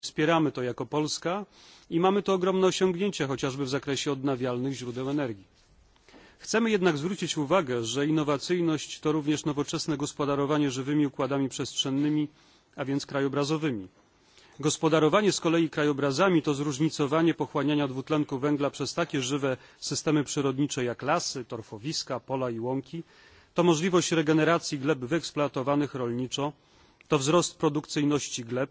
Wspieramy to jako Polska i mamy tu ogromne osiągnięcia chociażby w zakresie odnawialnych źródeł energii. Chcemy jednak zwrócić uwagę, że innowacyjność to również nowoczesne gospodarowanie żywymi układami przestrzennymi, a więc krajobrazowymi. Gospodarowanie z kolei krajobrazami to zróżnicowanie pochłaniania dwutlenku węgla przez takie żywe systemy przyrodnicze jak lasy, torfowiska, pola i łąki. To możliwość regeneracji gleb wyeksploatowanych rolniczo, to wzrost produkcyjności gleb,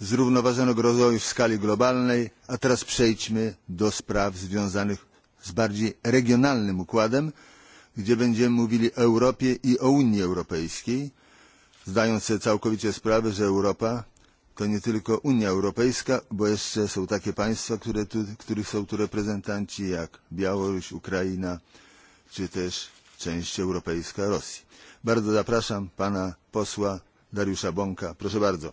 zrównoważonego rozwoju w skali globalnej a teraz przejdźmy do spraw związanych z bardziej regionalnym układem gdzie będziemy mówili o europie i o unii europejskiej zdając sobie całkowicie sprawę że europa to nie tylko unia europejska bo jeszcze są takie państwa które tu, których są tu reprezentanci jak białoruś ukraina czy też część europejska rosji. bardzo zapraszam pana posła dariusza bąka proszę bardzo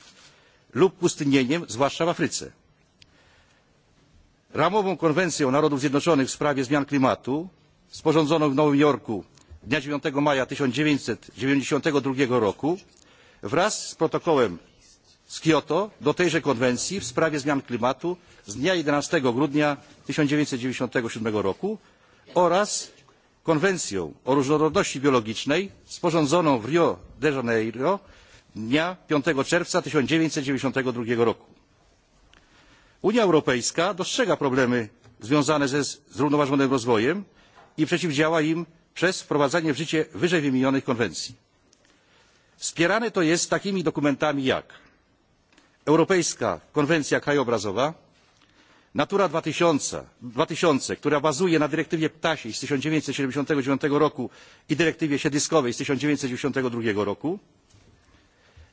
lub pustynnieniem zwłaszcza w Afryce. Ramową konwencję Narodów Zjednoczonych w sprawie zmian klimatu, sporządzoną w Nowym Jorku dnia dziewięć maja tysiąc dziewięćset dziewięćdzisiąt dwa roku, wraz z protokołem z Kioto do tejże konwencji w sprawie zmian klimatu z dnia jedenaście grudnia tysiąc dziewięćset dziewięćdzisiąt siedem roku oraz konwencją o różnorodności biologicznej sporządzoną w Rio de Janeiro dnia pięć czerwca tysiąc dziewięćset dziewięćdzisiąt dwa roku. unia europejska dostrzega problemy związane ze zrównoważonym rozwojem i przeciwdziała im przez wprowadzanie w życie wyżej wymienionych konwencji. wspierane to jest takimi dokumentami jak europejska konwencja krajobrazowa natura dwa tysiące która bazuje na dyrektywie ptasiej z tysiąc dziewięćset siedemdziesiąt dziewięć roku i dyrektywie siedliskowej z tysiąc dziewięćset dziewięćdzisiąt dwa roku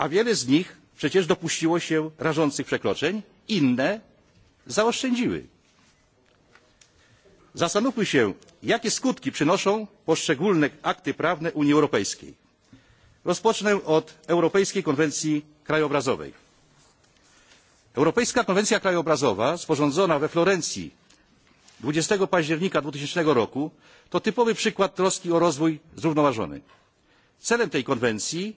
a wiele z nich przecież dopuściło się rażących przekroczeń inne zaoszczędziły. zastanówmy się jakie skutki przynoszą poszczególne akty prawne unii europejskiej. rozpocznę od europejskiej konwencji krajobrazowej. europejska konwencja krajobrazowa sporządzona we florencji dwadzieścia października dwa tysiące roku to typowy przykład troski o rozwój zrównoważony. celem tej konwencji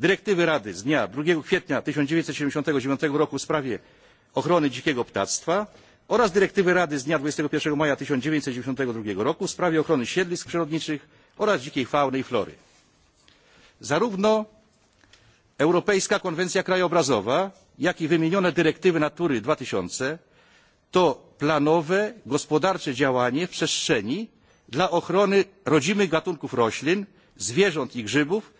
dyrektywy rady z dnia dwa kwietnia tysiąc dziewięćset siedemdziesiąt dziewięć roku w sprawie ochrony dzikiego ptactwa oraz dyrektywy rady z dnia dwadzieścia jeden maja tysiąc dziewięćset dziewięćdzisiąt dwa roku w sprawie ochrony siedlisk przyrodniczych oraz dzikiej fauny i flory. zarówno europejska konwencja krajobrazowa jak i wymienione dyrektywy natury dwa tysiące to planowe gospodarcze działanie w przestrzeni dla ochrony rodzimych gatunków roślin zwierząt i grzybów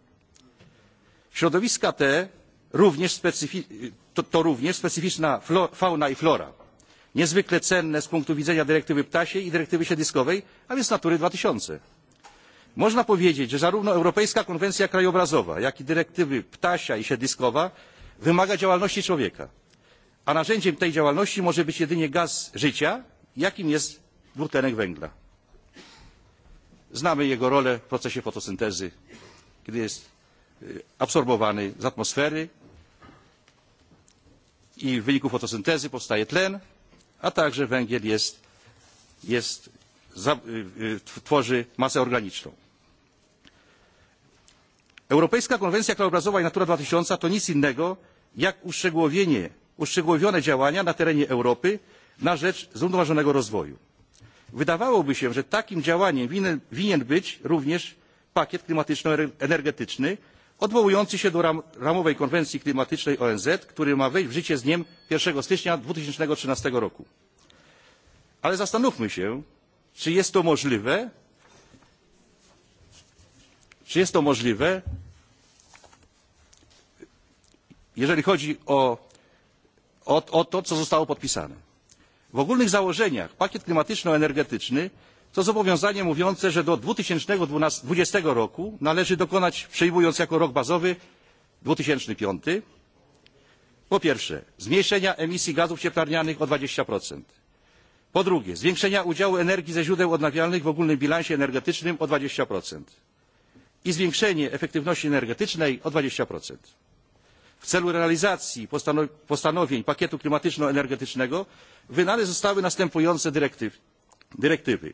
Środowiska te to, również specyficzna fauna i flora, niezwykle cenne z punktu widzenia dyrektywy ptasiej i dyrektywy siedliskowej, a więc Natury dwa tysiące Można powiedzieć, że zarówno Europejska Konwencja Krajobrazowa, jak i dyrektywy ptasia i siedliskowa wymagają działalności człowieka, a narzędziem tej działalności może być jedynie gaz życia, jakim jest dwutlenek węgla. Znamy jego rolę w procesie fotosyntezy, kiedy jest absorbowany z atmosfery i w wyniku fotosyntezy powstaje tlen a także węgiel tworzy masę organiczną. europejska konwencja krajobrazowa i natura dwa tysiące to nic innego jak uszczegółowione działania na terenie europy na rzecz zrównoważonego rozwoju. wydawałoby się że takim działaniem winien być również pakiet klimatyczno energetyczny odwołujący się do ramowej konwencji klimatycznej onz która ma wejść w życie z dniem jeden stycznia dwa tysiące trzynaście roku. ale zastanówmy się czy jest to możliwe czy jest to możliwe jeżeli chodzi o, o to co zostało podpisane. w ogólnych założeniach pakiet klimatyczno energetyczny To zobowiązanie mówiące, że do 2020 roku należy dokonać, przyjmując jako rok bazowy 2005, po pierwsze zmniejszenia emisji gazów cieplarnianych o 20%, po drugie zwiększenia udziału energii ze źródeł odnawialnych w ogólnym bilansie energetycznym o 20% i zwiększenie efektywności energetycznej o 20%. W celu realizacji postanowień pakietu klimatyczno-energetycznego wydane zostały następujące dyrektyw dyrektywy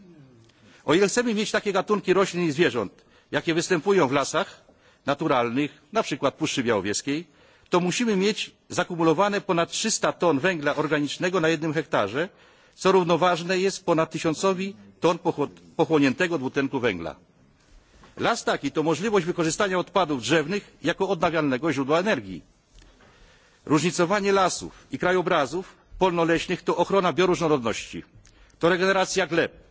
o ile chcemy mieć takie gatunki roślin i zwierząt jakie występują w lasach naturalnych na przykład puszczy białowieskiej to musimy mieć zakumulowane ponad trzysta ton węgla organicznego na jednym hektarze co równoważne jest ponad tysiącowi ton pochłoniętego dwutlenku węgla. las taki to możliwość wykorzystania odpadów drzewnych jako odnawialnego źródła energii. różnicowanie lasów i krajobrazów polno leśnych to ochrona bioróżnorodności to regeneracja gleb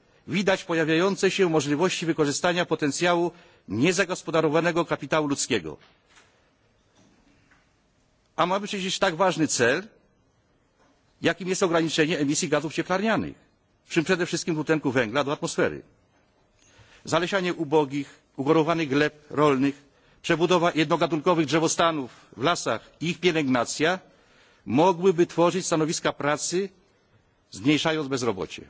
widać pojawiające się możliwości wykorzystania potencjału niezagospodarowanego kapitału ludzkiego. a mamy przecież tak ważny cel jakim jest ograniczenie emisji gazów cieplarnianych w tym przede wszystkim dwutlenku węgla do atmosfery. zalesianie ubogich ugorowanych gleb rolnych przebudowa jednogatunkowych drzewostanów w lasach i ich pielęgnacja mogłyby tworzyć stanowiska pracy zmniejszając bezrobocie.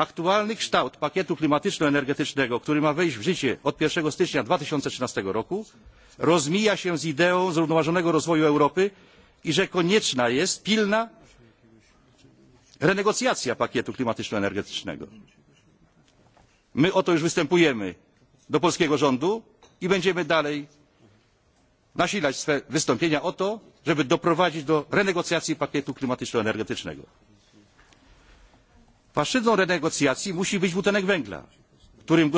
aktualny kształt pakietu klimatyczno energetycznego który ma wejść w życie od jeden stycznia dwa tysiące trzynaście roku rozmija się z ideą zrównoważonego rozwoju europy i że konieczna jest pilna renegocjacja pakietu klimatyczno energetycznego. my o to już występujemy do polskiego rządu i będziemy dalej nasilać swe wystąpienia o to żeby doprowadzić do renegocjacji pakietu klimatyczno energetycznego. Płaszczyzną renegocjacji musi być dwutlenek węgla, którym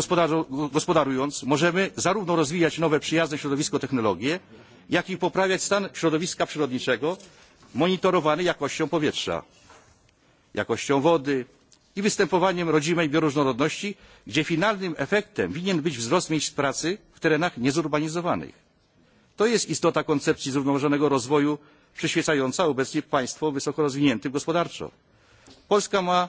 gospodarując możemy zarówno rozwijać nowe przyjazne środowisko technologie, jak i poprawiać stan środowiska przyrodniczego monitorowany jakością powietrza, jakością wody i występowaniem rodzimej bioróżnorodności, gdzie finalnym efektem winien być wzrost miejsc pracy w terenach niezurbanizowanych. To jest istota koncepcji zrównoważonego rozwoju przyświecająca obecnie państwom wysoko rozwiniętym gospodarczo. Polska ma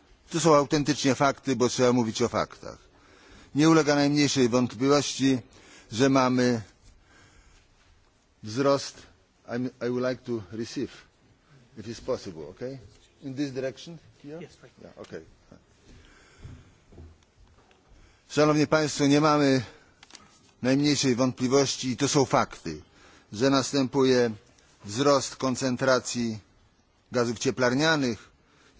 To są autentycznie fakty, bo trzeba mówić o faktach. Nie ulega najmniejszej wątpliwości, że mamy wzrost. I would like to receive, if it's possible, okay? In this direction? Here? Yes, right. yeah, okay. Szanowni Państwo, nie mamy najmniejszej wątpliwości i to są fakty, że następuje wzrost koncentracji gazów cieplarnianych,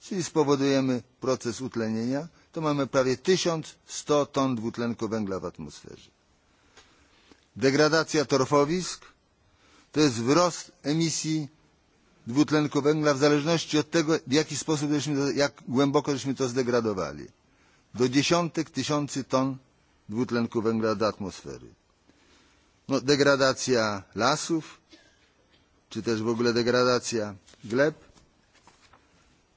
czyli spowodujemy proces utlenienia, to mamy prawie 1100 ton dwutlenku węgla w atmosferze. Degradacja torfowisk to jest wzrost emisji dwutlenku węgla w zależności od tego, w jaki sposób, żeśmy to, jak głęboko żeśmy to zdegradowali. Do dziesiątek tysięcy ton dwutlenku węgla do atmosfery. No, degradacja lasów, czy też w ogóle degradacja gleb,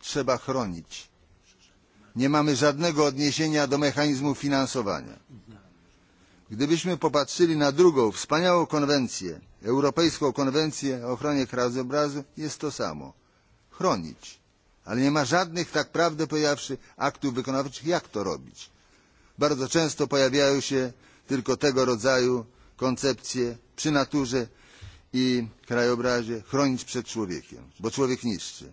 trzeba chronić. Nie mamy żadnego odniesienia do mechanizmu finansowania. Gdybyśmy popatrzyli na drugą wspaniałą konwencję, Europejską Konwencję o ochronie krajobrazu, jest to samo. Chronić. Ale nie ma żadnych, tak prawdę pojawszy, aktów wykonawczych, jak to robić. Bardzo często pojawiają się tylko tego rodzaju koncepcje przy naturze i krajobrazie chronić przed człowiekiem, bo człowiek niszczy.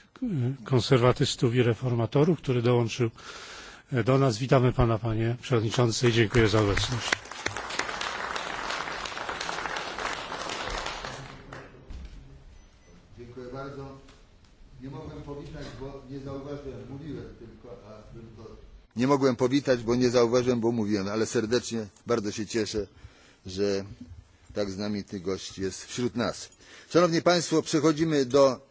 konserwatystów i reformatorów, który dołączył e, do nas. Witamy Pana, Panie Przewodniczący i dziękuję za obecność. Dziękuję bardzo. Nie mogłem powitać, bo nie zauważyłem, mówiłem tylko, a tylko... Nie mogłem powitać, bo nie zauważyłem, bo mówiłem, ale serdecznie bardzo się cieszę, że tak znamity gość jest wśród nas. Szanowni Państwo, przechodzimy do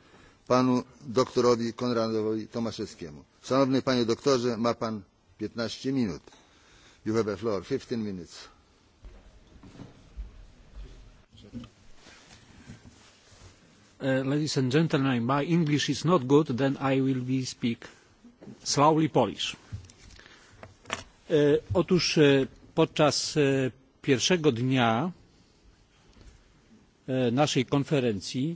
panu doktorowi Konradowi Tomaszewskiemu. Szanowny panie doktorze, ma pan 15 minut. You have a floor, 15 minutes. Uh, ladies and gentlemen, my English is not good, then I will be speak slowly Polish. Uh, otóż uh, podczas e, pierwszego dnia e, naszej konferencji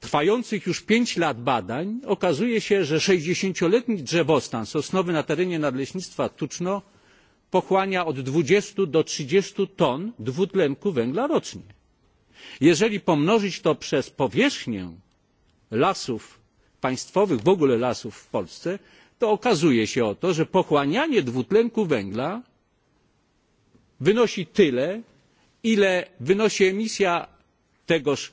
trwających już pięć lat badań okazuje się że sześćdziesięcioletni drzewostan sosnowy na terenie nadleśnictwa tuczno pochłania od dwadzieścia do trzydzieści ton dwutlenku węgla rocznie. jeżeli pomnożyć to przez powierzchnię lasów państwowych w ogóle lasów w polsce to okazuje się oto że pochłanianie dwutlenku węgla wynosi tyle ile wynosi emisja tegoż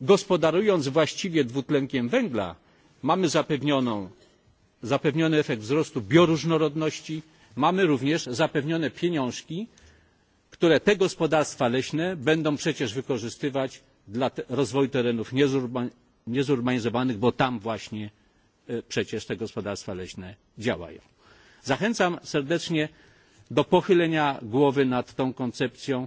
gospodarując właściwie dwutlenkiem węgla mamy zapewniony efekt wzrostu bioróżnorodności mamy również zapewnione pieniążki które te gospodarstwa leśne będą przecież wykorzystywać dla rozwoju terenów niezurbanizowanych bo tam właśnie e, przecież te gospodarstwa leśne działają. zachęcam serdecznie do pochylenia głowy nad tą koncepcją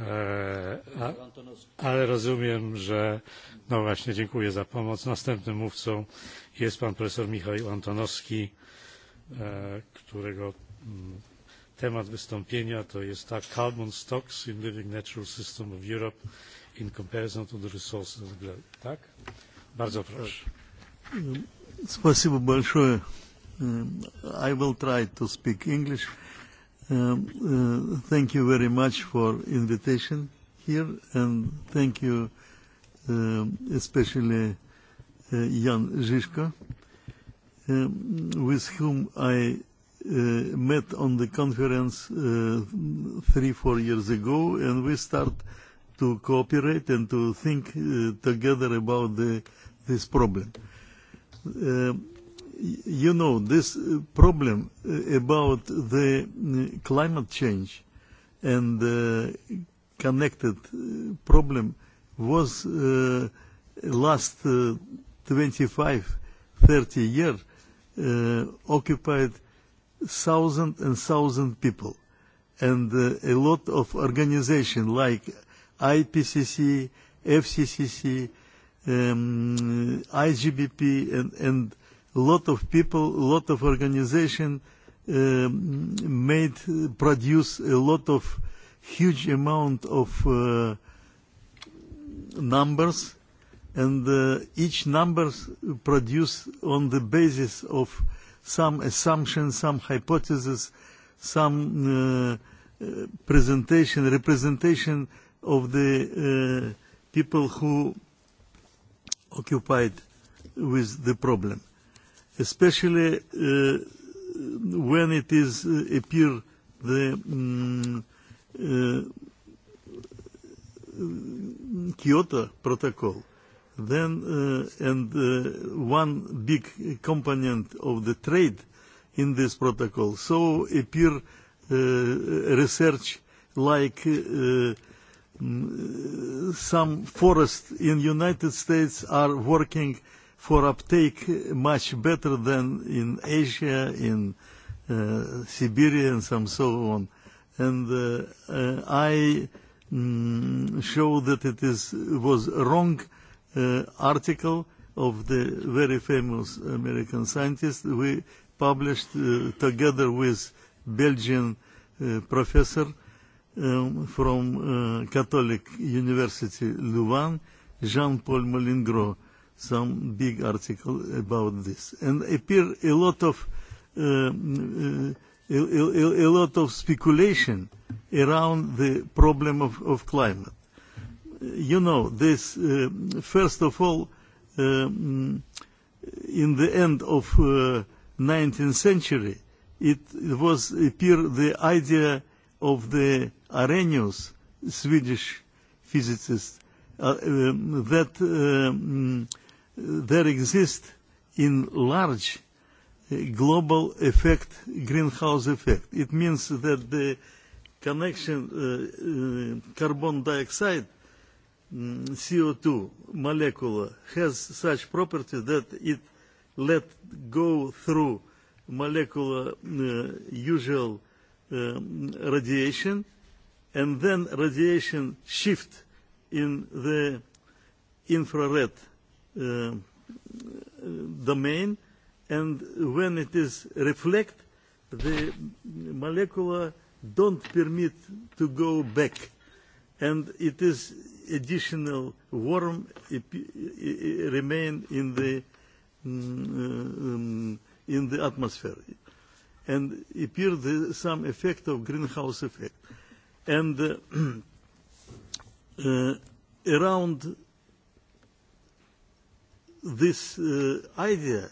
E, a, ale rozumiem, że no właśnie dziękuję za pomoc. Następnym mówcą jest pan profesor Michał Antonowski, e, którego mm, temat wystąpienia to jest tak carbon stocks in living natural system of Europe in comparison to the resources of the globe. Tak? Bardzo proszę. Спасибо большое. I will try to speak English. Uh, Um, uh, thank you very much for invitation here, and thank you um, especially uh, Jan Žižka, um, with whom I uh, met on the conference uh, three, four years ago, and we start to cooperate and to think uh, together about the, this problem. Uh, you know, this uh, problem uh, about the uh, climate change and uh, connected problem was uh, last uh, 25, 30 years uh, occupied thousand and thousand people. And uh, a lot of organization like IPCC, FCCC, um, IGBP, and, and a lot of people, a lot of organization uh, made, produce a lot of huge amount of uh, numbers and uh, each numbers produced on the basis of some assumptions, some hypotheses, some uh, presentation, representation of the uh, people who occupied with the problem especially uh, when it is uh, appear the um, uh, Kyoto Protocol, then uh, and uh, one big component of the trade in this protocol. So appear uh, research like uh, mm, some forests in United States are working uh, for uptake much better than in Asia, in uh, Siberia, and some so on. And uh, uh, I mm, show that it is was wrong uh, article of the very famous American scientist we published uh, together with Belgian uh, professor um, from uh, Catholic University Louvain, Jean-Paul Molingro some big article about this. And appear a lot of uh, uh, a, a, a lot of speculation around the problem of, of climate. Uh, you know, this uh, first of all, um, in the end of uh, 19th century, it, it was appear the idea of the Arrhenius, Swedish physicist, uh, um, that. Um, there exists in large uh, global effect, greenhouse effect. It means that the connection uh, uh, carbon dioxide um, mm, CO2 molecule has such property that it let go through molecular uh, usual um, radiation and then radiation shift in the infrared uh, uh, domain and when it is reflect the molecular don't permit to go back and it is additional warm remain in the mm, uh, um, in the atmosphere and appear the, some effect of greenhouse effect and uh, uh, around this uh, idea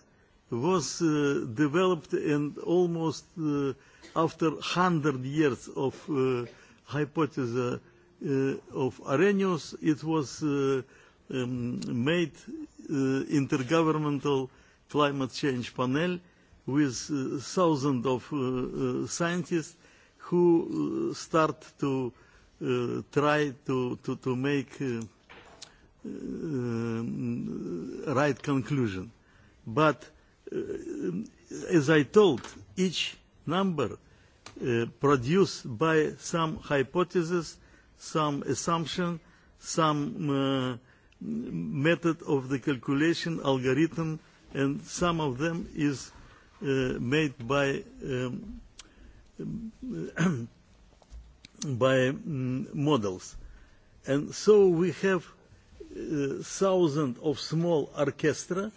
was uh, developed and almost uh, after 100 years of uh, hypothesis uh, of Arrhenius, it was uh, um, made uh, intergovernmental climate change panel with uh, thousands of uh, uh, scientists who uh, start to uh, try to, to, to make uh, Uh, uh, right conclusion. But uh, as I told, each number uh, produced by some hypothesis, some assumption, some uh, method of the calculation algorithm, and some of them is uh, made by um, um by um, models. And so we have uh, thousands of small orchestra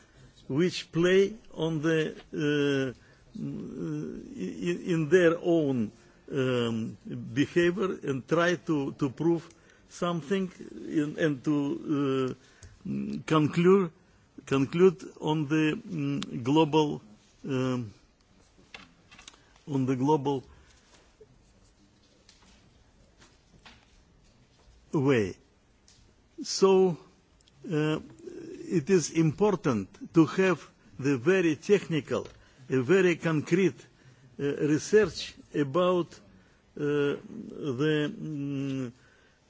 which play on the uh, mm, uh, in, in their own um, behavior and try to, to prove something in, and to uh, conclude conclude on the um, global um, on the global way. So uh, it is important to have the very technical, a very concrete uh, research about uh, the um,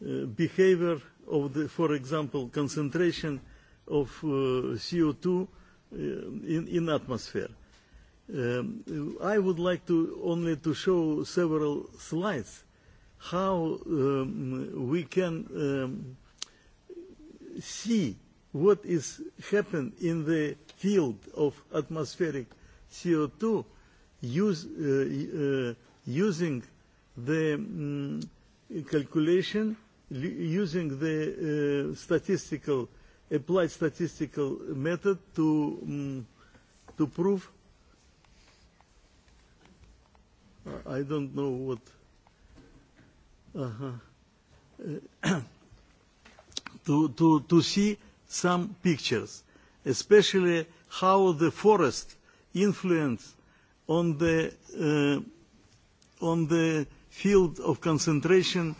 uh, behavior of the, for example, concentration of uh, CO2 uh, in, in atmosphere. Um, I would like to only to show several slides how um, we can um, see what is happening in the field of atmospheric CO2 use, uh, uh, using the um, calculation, using the uh, statistical, applied statistical method to, um, to prove I don't know what. Uh-huh. Uh, to, to, to see some pictures, especially how the forest influence on the, uh, on the field of concentration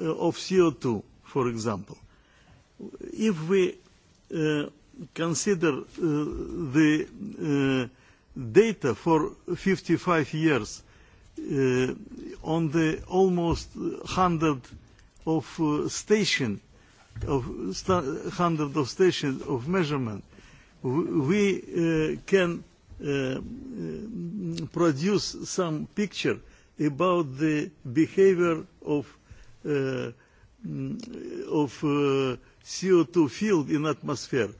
uh, of CO2, for example. If we uh, consider uh, the uh, data for 55 years uh, on the almost 100 of uh, stations of standard of stations of measurement, we uh, can uh, mm, produce some picture about the behavior of uh, mm, of uh, CO2 field in atmosphere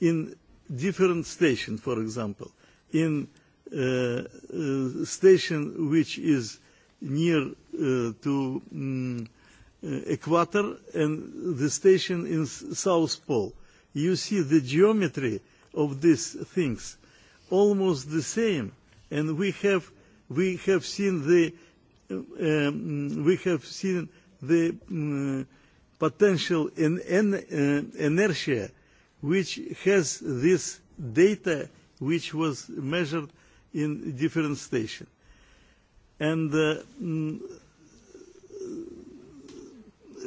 in different station, for example, in uh, uh, station which is near uh, to um, equator э, and the station in South Pole. You see the geometry of these things almost the same, and we have we have seen the eh, um, we have seen the um, potential in, in uh, inertia, which has this data which was measured in different station, and. Uh, mm,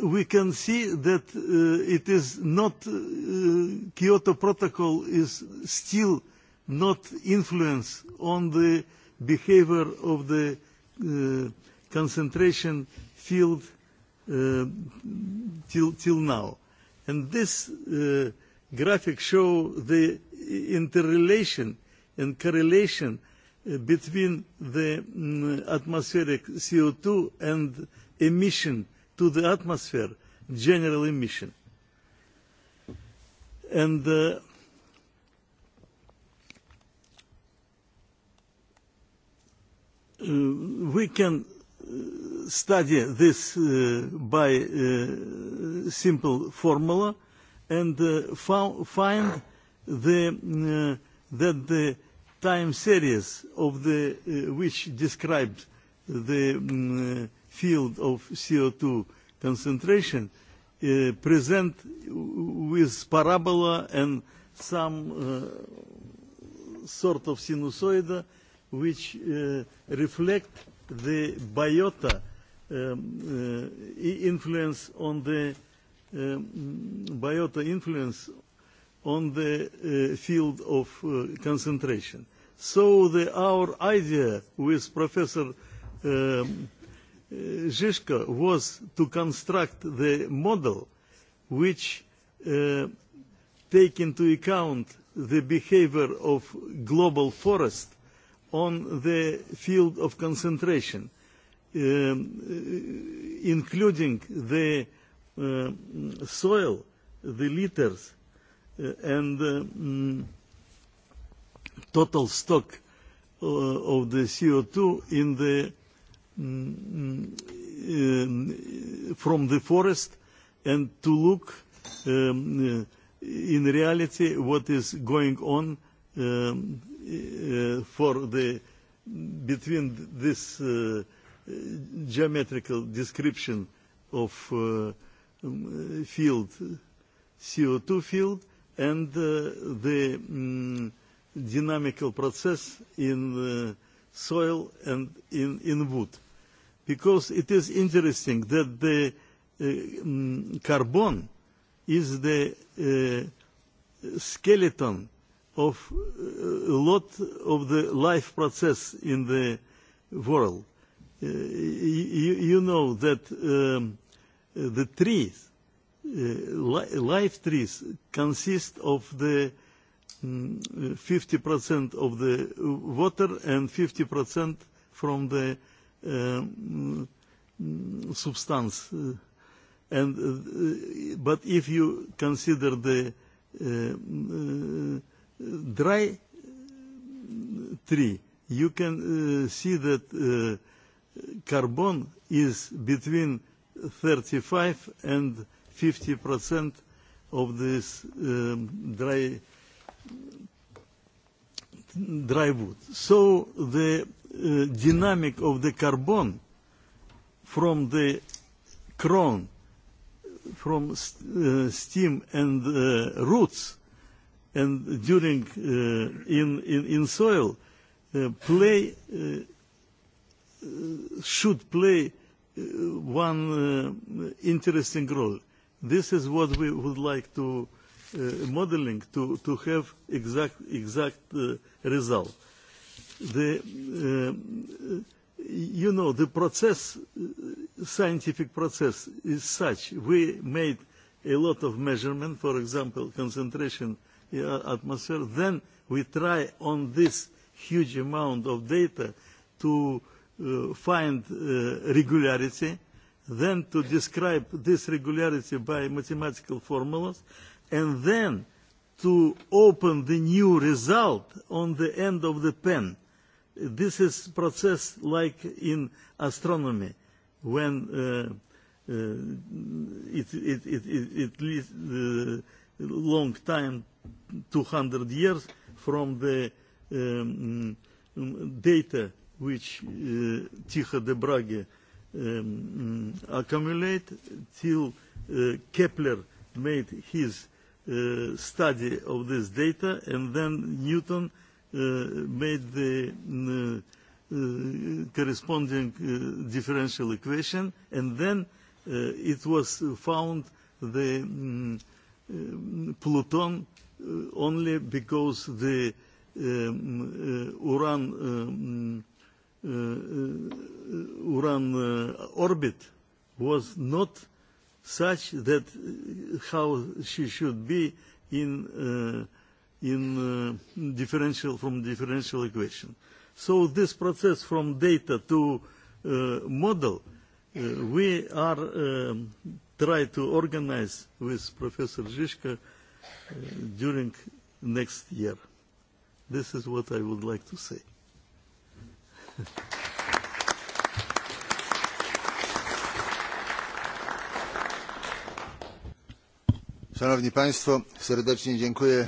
we can see that uh, it is not uh, Kyoto Protocol is still not influence on the behavior of the uh, concentration field uh, till till now, and this uh, graphic show the interrelation and correlation uh, between the um, atmospheric CO2 and emission to the atmosphere, general emission. And uh, uh, we can uh, study this uh, by uh, simple formula and uh, find the, uh, that the time series of the uh, which described the mm, uh, field of CO2 concentration uh, present with parabola and some uh, sort of sinusoid which uh, reflect the biota um, uh, influence on the um, biota influence on the uh, field of uh, concentration. So the, our idea with Professor um, Zizka was to construct the model which uh, take into account the behavior of global forest on the field of concentration, um, uh, including the uh, soil, the litters, uh, and uh, mm, total stock uh, of the CO2 in the um, from the forest and to look um, uh, in reality what is going on um, uh, for the between this uh, geometrical description of uh, um, field CO2 field and uh, the um, dynamical process in uh, soil and in, in wood. Uh, because it is interesting that the uh, um, carbon is the uh, skeleton of uh, a lot of the life process in the world. Uh, you, you know that um, the trees, uh, li life trees, consist of the um, mm, 50% of the water and 50% from the uh, uh, substance. Uh, and, uh, but if you consider the uh, uh, dry tree, you can uh, see that uh, carbon is between 35 and 50 percent of this um, dry dry wood. So the uh, э, dynamic of the carbon from the crown, from st uh, э, stem and uh, roots, and during uh, in, in in soil, uh, play uh, should play uh, one uh, interesting role. This is what we would like to uh, modeling to to have exact exact uh, result the uh, you know the process uh, scientific process is such we made a lot of measurement for example concentration in atmosphere then we try on this huge amount of data to uh, find uh, regularity then to describe this regularity by mathematical formulas and then to open the new result on the end of the pen This is process like in astronomy, when uh, uh, it, it, it, it, it leads uh, long time, 200 years, from the um, data which uh, Tycho de Brage um, accumulate till uh, Kepler made his uh, study of this data and then Newton uh, uh, made the uh, uh, corresponding uh, differential equation, and then uh, it was found the um, uh, Pluton uh, only because the um, uh, Uran um, uh, Uran uh, orbit was not such that how she should be in uh, in uh, differential from differential equation. So this process from data to uh, model, uh, we are um, try to organize with Professor Zizka uh, during next year. This is what I would like to say. Szanowni Państwo, serdecznie dziękuję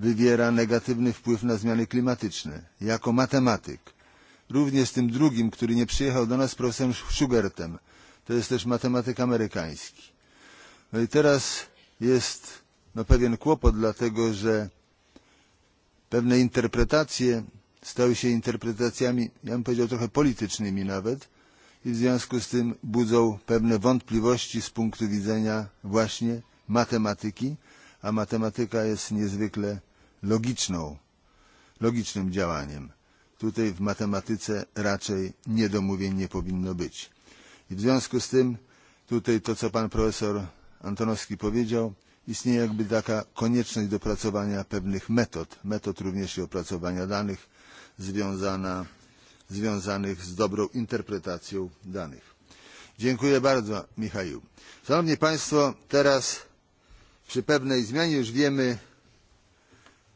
wywiera negatywny wpływ na zmiany klimatyczne jako matematyk również tym drugim który nie przyjechał do nas profesorem schugertem to jest też matematyk amerykański. no i teraz jest no, pewien kłopot dlatego że pewne interpretacje stały się interpretacjami ja bym powiedział trochę politycznymi nawet i w związku z tym budzą pewne wątpliwości z punktu widzenia właśnie matematyki a matematyka jest niezwykle logiczną, logicznym działaniem. Tutaj w matematyce raczej niedomówień nie powinno być. I w związku z tym tutaj to, co pan profesor Antonowski powiedział, istnieje jakby taka konieczność dopracowania pewnych metod, metod również i opracowania danych związana, związanych z dobrą interpretacją danych. Dziękuję bardzo, Michał. Szanowni Państwo, teraz przy pewnej zmianie już wiemy,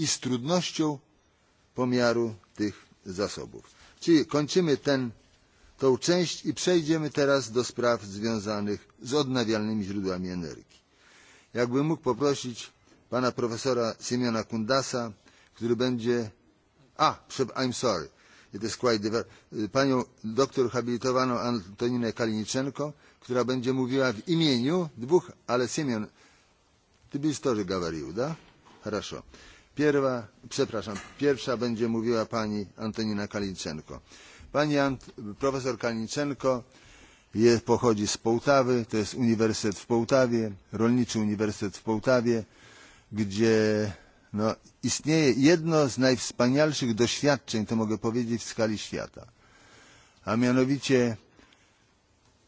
i z trudnością pomiaru tych zasobów. Czyli kończymy ten, tą część i przejdziemy teraz do spraw związanych z odnawialnymi źródłami energii. Jakbym mógł poprosić pana profesora Siemiona Kundasa, który będzie... A, I'm sorry. It is quite different. Panią doktor habilitowaną Antoninę Kaliniczenko, która będzie mówiła w imieniu dwóch, ale Siemion, ty byś to, że gawarił, da? Хорошо. Pierwa, przepraszam, pierwsza będzie mówiła pani Antonina Kalinczenko. Pani Ant, profesor Kalinczenko je, pochodzi z Połtawy, to jest Uniwersytet w Połtawie, Rolniczy Uniwersytet w Połtawie, gdzie no, istnieje jedno z najwspanialszych doświadczeń, to mogę powiedzieć, w skali świata. A mianowicie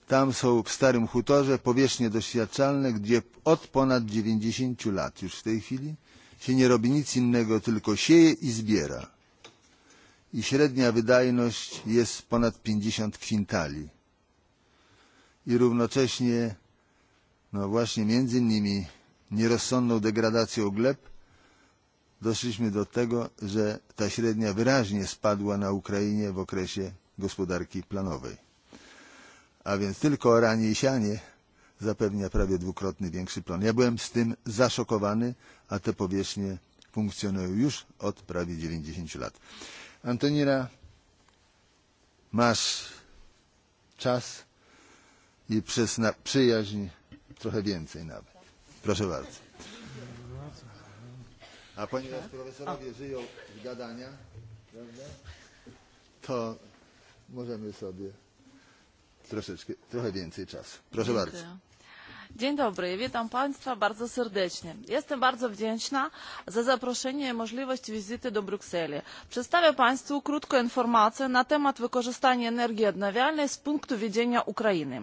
tam są w Starym Hutorze powierzchnie doświadczalne, gdzie od ponad 90 lat już w tej chwili się nie robi nic innego, tylko sieje i zbiera. I średnia wydajność jest ponad 50 kwintali. I równocześnie, no właśnie między innymi nierozsądną degradacją gleb, doszliśmy do tego, że ta średnia wyraźnie spadła na Ukrainie w okresie gospodarki planowej. A więc tylko oranie i sianie zapewnia prawie dwukrotnie większy plon. Ja byłem z tym zaszokowany, a te powierzchnie funkcjonują już od prawie 90 lat. Antonina, masz czas i przez na przyjaźń trochę więcej nawet. Proszę bardzo. A ponieważ profesorowie żyją w gadania, prawda, to możemy sobie troszeczkę, trochę więcej czasu. Proszę Dziękuję. bardzo. Dzień dobry, witam Państwa bardzo serdecznie. Jestem bardzo wdzięczna za zaproszenie i możliwość wizyty do Brukseli. Przedstawię Państwu krótką informację na temat wykorzystania energii odnawialnej z punktu widzenia Ukrainy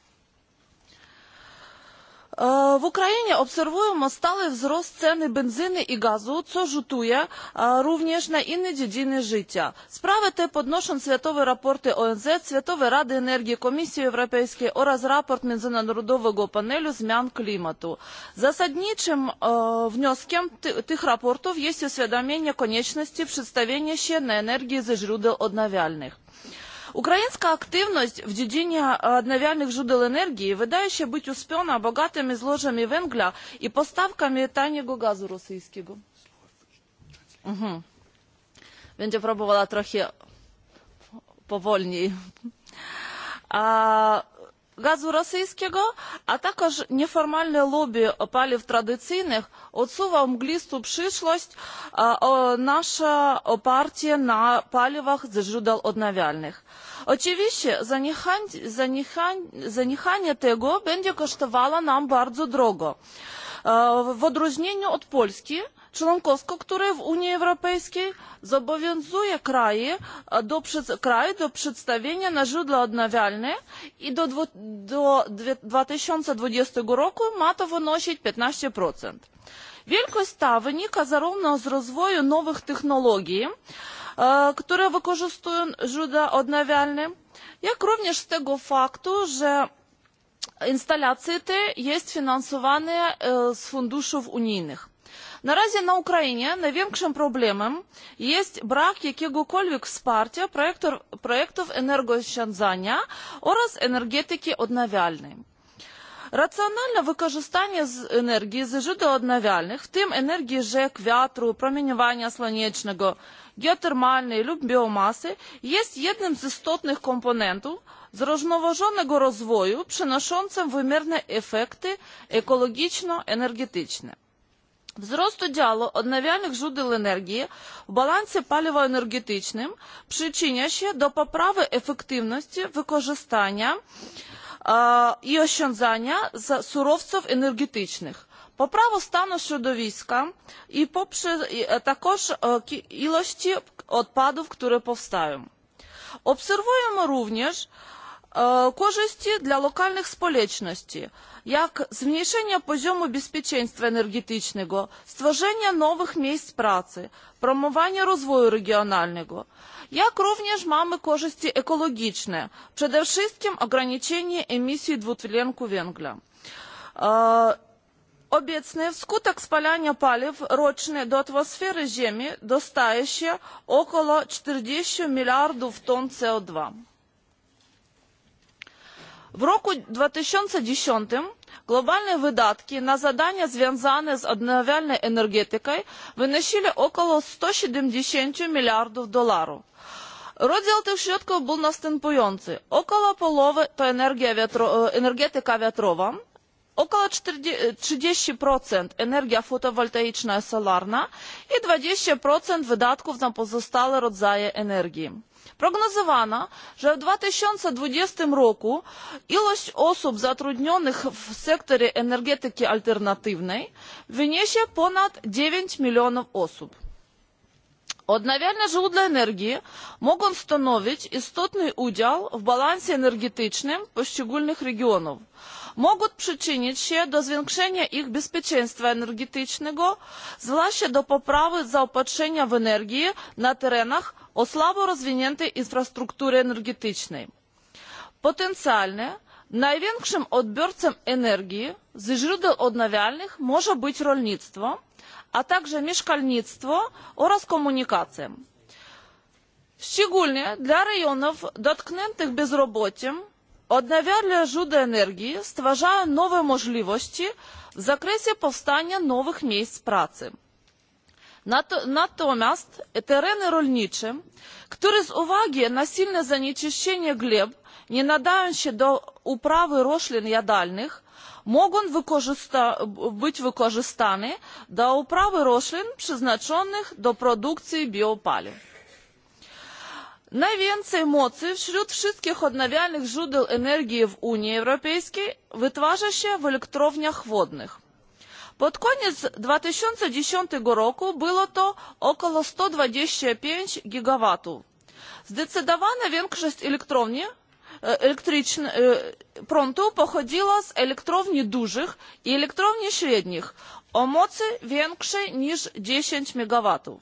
W Ukrainie obserwujemy stały wzrost ceny benzyny i gazu, co rzutuje również na inne dziedziny życia. Sprawę tę podnoszą światowe raporty ONZ, Światowej Rady Energii, Komisji Europejskiej oraz raport Międzynarodowego Panelu Zmian Klimatu. Zasadniczym wnioskiem tych raportów jest uświadomienie konieczności przedstawienia się na energię ze źródeł odnawialnych. Украинская активность в dziedzinie odnawialnych źródeł energii wydaje się być uspiona bogatymi złożami węgla i postawkami taniego gazu rosyjskiego. Mhm. Będzie próbowała trochę powolniej. A gazu rosyjskiego a także nieformalne lobby paliw tradycyjnych odsuwa w mglistą przyszłość nasze oparcie na paliwach ze źródeł odnawialnych. oczywiście zaniechanie tego będzie kosztowało nas bardzo drogo. w odróżnieniu od polski członkowską które w unii europejskiej zobowiązuje kraje e, do, do przedstawienia na źródła odnawialne i do dwa tysiące dwadzieścia roku ma to wynosić piętnaście wielkość ta wynika zarówno z rozwoju nowych technologii e, które wykorzystują źródła odnawialne jak również z tego faktu że instalacje te są finansowane e, z funduszy unijnych. Na razie na Ukrainie największym problemem jest brak jakiegokolwiek wsparcia projektor, projektów energooszczędzania oraz energetyki odnawialnej. Racjonalne wykorzystanie z energii z źródeł odnawialnych, w tym energii rzek, wiatru, promieniowania słonecznego, geotermalnej lub biomasy, jest jednym z istotnych komponentów zrównoważonego rozwoju przynoszącym wymierne efekty ekologiczno-energetyczne Wzrost udziału odnawialnych źródeł energii w balansie paliwowo-energetycznym przyczynia się do poprawy efektywności wykorzystania e, i oszczędzania surowców energetycznych, poprawy stanu środowiska i poprzez, e, także e, ilości odpadów, które powstają. Obserwujemy również Э, користі для локальних сполічностей, як зменшення позьому безпеченства енергетичного, створення нових місць праці, промовання розвою регіонального. Як również mamy korzyści ekologiczne, przede wszystkim ograniczenie emisji dwutlenku węgla. Obecnie wskutek spalania paliw rocznie do atmosfery Ziemi dostaje się około 40 miliardów ton CO2 w roku dwa tysiące dziesięć globalne wydatki na zadania związane z odnawialną energetyką wynosiły około sto siedemdziesiąt miliardów dolarów. rozdział tych środków był następujący około połowy to wiatro, energetyka wiatrowa około trzydzieści energia fotowoltaiczna i solarna i dwadzieścia wydatków na pozostałe rodzaje energii prognozowano że w dwa tysiące dwadzieścia roku ilość osób zatrudnionych w sektorze energetyki alternatywnej wyniesie ponad dziewięć milionów osób. odnawialne źródła energii mogą stanowić istotny udział w balansie energetycznym poszczególnych regionów mogą przyczynić się do zwiększenia ich bezpieczeństwa energetycznego zwłaszcza do poprawy zaopatrzenia w energię na terenach o słabo rozwiniętej infrastrukturze energetycznej. potencjalnie największym odbiorcą energii ze źródeł odnawialnych może być rolnictwo a także mieszkalnictwo oraz komunikacja szczególnie dla rejonów dotkniętych bezrobociem odnawialne źródła energii stwarzają nowe możliwości w zakresie powstania nowych miejsc pracy. natomiast tereny rolnicze które z uwagi na silne zanieczyszczenie gleb nie nadają się do uprawy roślin jadalnych mogą być wykorzystane do uprawy roślin przeznaczonych do produkcji biopaliw. Najwięcej mocy wśród wszystkich odnawialnych źródeł energii w Unii Europejskiej wytwarza się w elektrowniach wodnych. Pod koniec 2010 roku było to około 125 gigawatów. Zdecydowana większość elektrowni elektrycznych prądu pochodziła z elektrowni dużych i elektrowni średnich o mocy większej niż 10 megawatów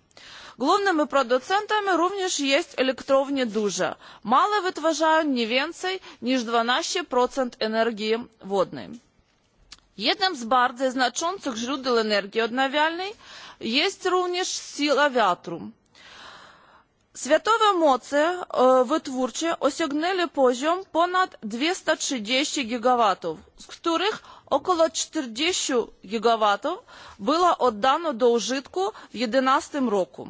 Главными продуцентами również jest elektrownie duże. Małe wytwarzają nie więcej niż 12% energii wodnej. Jednym z bardzo znaczących źródeł energii odnawialnej jest również siła wiatru. Światowe moce e, wytwórcze osiągnęły poziom ponad 230 gigawatów, z których około 40 gigawatów było oddano do użytku w 2011 roku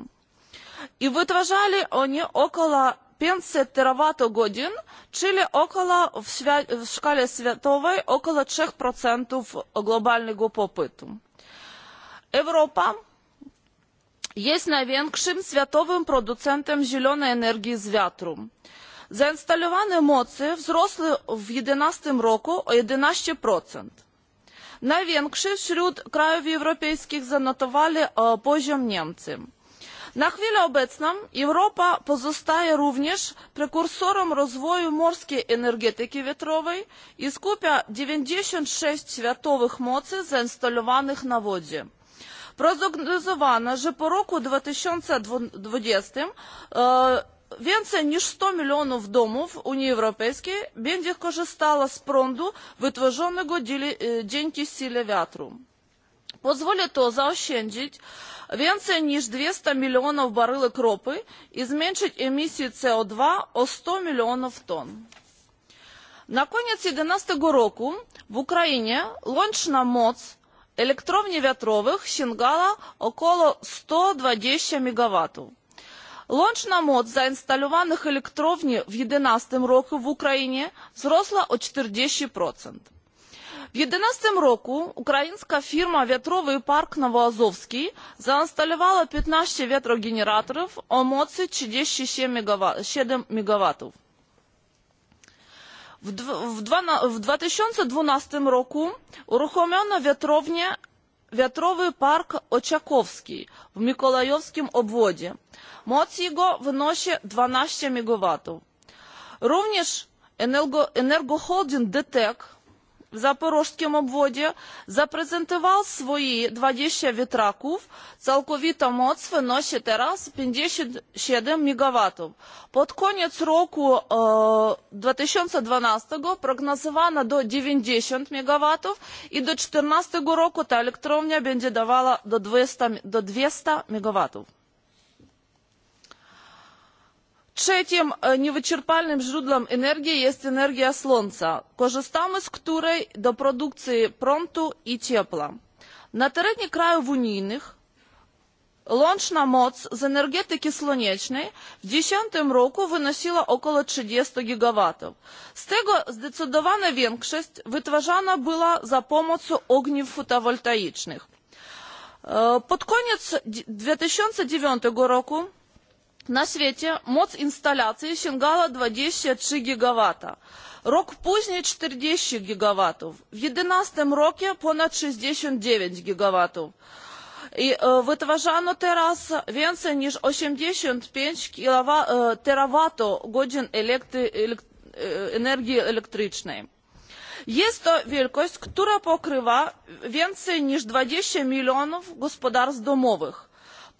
и выдражали они около 500 тераватт-годин, чили около, в, свя- в шкале световой около 3% глобального попыту. Европа есть największym światowym producentem zielonej energii z wiatru. zainstalowane moce wzrosły w dwa tysiące jedenaście roku o jedenaście największy wśród krajów europejskich zanotowali poziom niemcy na chwilę obecną europa pozostaje również prekursorem rozwoju morskiej energetyki wiatrowej i skupia dziewięćdzisiąt sześć światowych mocy zainstalowanych na wodzie. prognozowano że po roku dwa tysiące dwadzieścia e, więcej niż sto milionów domów unii europejskiej będzie korzystało z prądu wytworzonego e, dzięki sile wiatru Pozwoli to zaoszczędzić więcej niż 200 milionów baryłek ropy i zmniejszyć emisję CO2 o 100 milionów ton. Na koniec 2011 roku w Ukrainie łączna moc elektrowni wiatrowych sięgała około 120 MW. Łączna moc zainstalowanych elektrowni w 2011 roku w Ukrainie wzrosła o 40% w dwa tysiące jedenaście roku ukraińska firma wiatrowy park nowoazowski zainstalowała piętnaście wiatrogeneratorów o mocy trzydzieści siedem megawatów. w dwa tysiące dwanaście roku uruchomiono wiatrownię wiatrowy park oczakowski w mikołajowskim obwodzie. moc jego wynosi dwanaście megawatów. również energoholding dtec w zaporożskim obwodzie zaprezentował swoje dwadzieścia wiatraków całkowita moc wynosi teraz pięćdziesiąt siedem megawatów. pod koniec roku dwa tysiące dwanaście prognozowano do dziewięćdzisiąt megawatów i do dwa tysiące czternaście roku ta elektrownia będzie dawała do dwieście megawatów trzecim e, niewyczerpalnym źródłem energii jest energia słońca korzystamy z której do produkcji prądu i ciepła. na terenie krajów unijnych łączna moc z energetyki słonecznej w dwa tysiące dziesięć roku wynosiła około trzydzieści gigawatów z tego zdecydowana większość wytwarzana była za pomocą ogniw fotowoltaicznych. E, pod koniec dwa tysiące dziewięć roku na świecie moc instalacji sięgała dwadzieścia trzy gigawata rok później czterdzieści gigawatów w jedenastym roku ponad sześćdziesiąt dziewięć gigawatów i wytwarzano teraz więcej niż osiemdziesiąt pięć terawatogodzin energii elektrycznej. jest to wielkość która pokrywa więcej niż dwadzieścia milionów gospodarstw domowych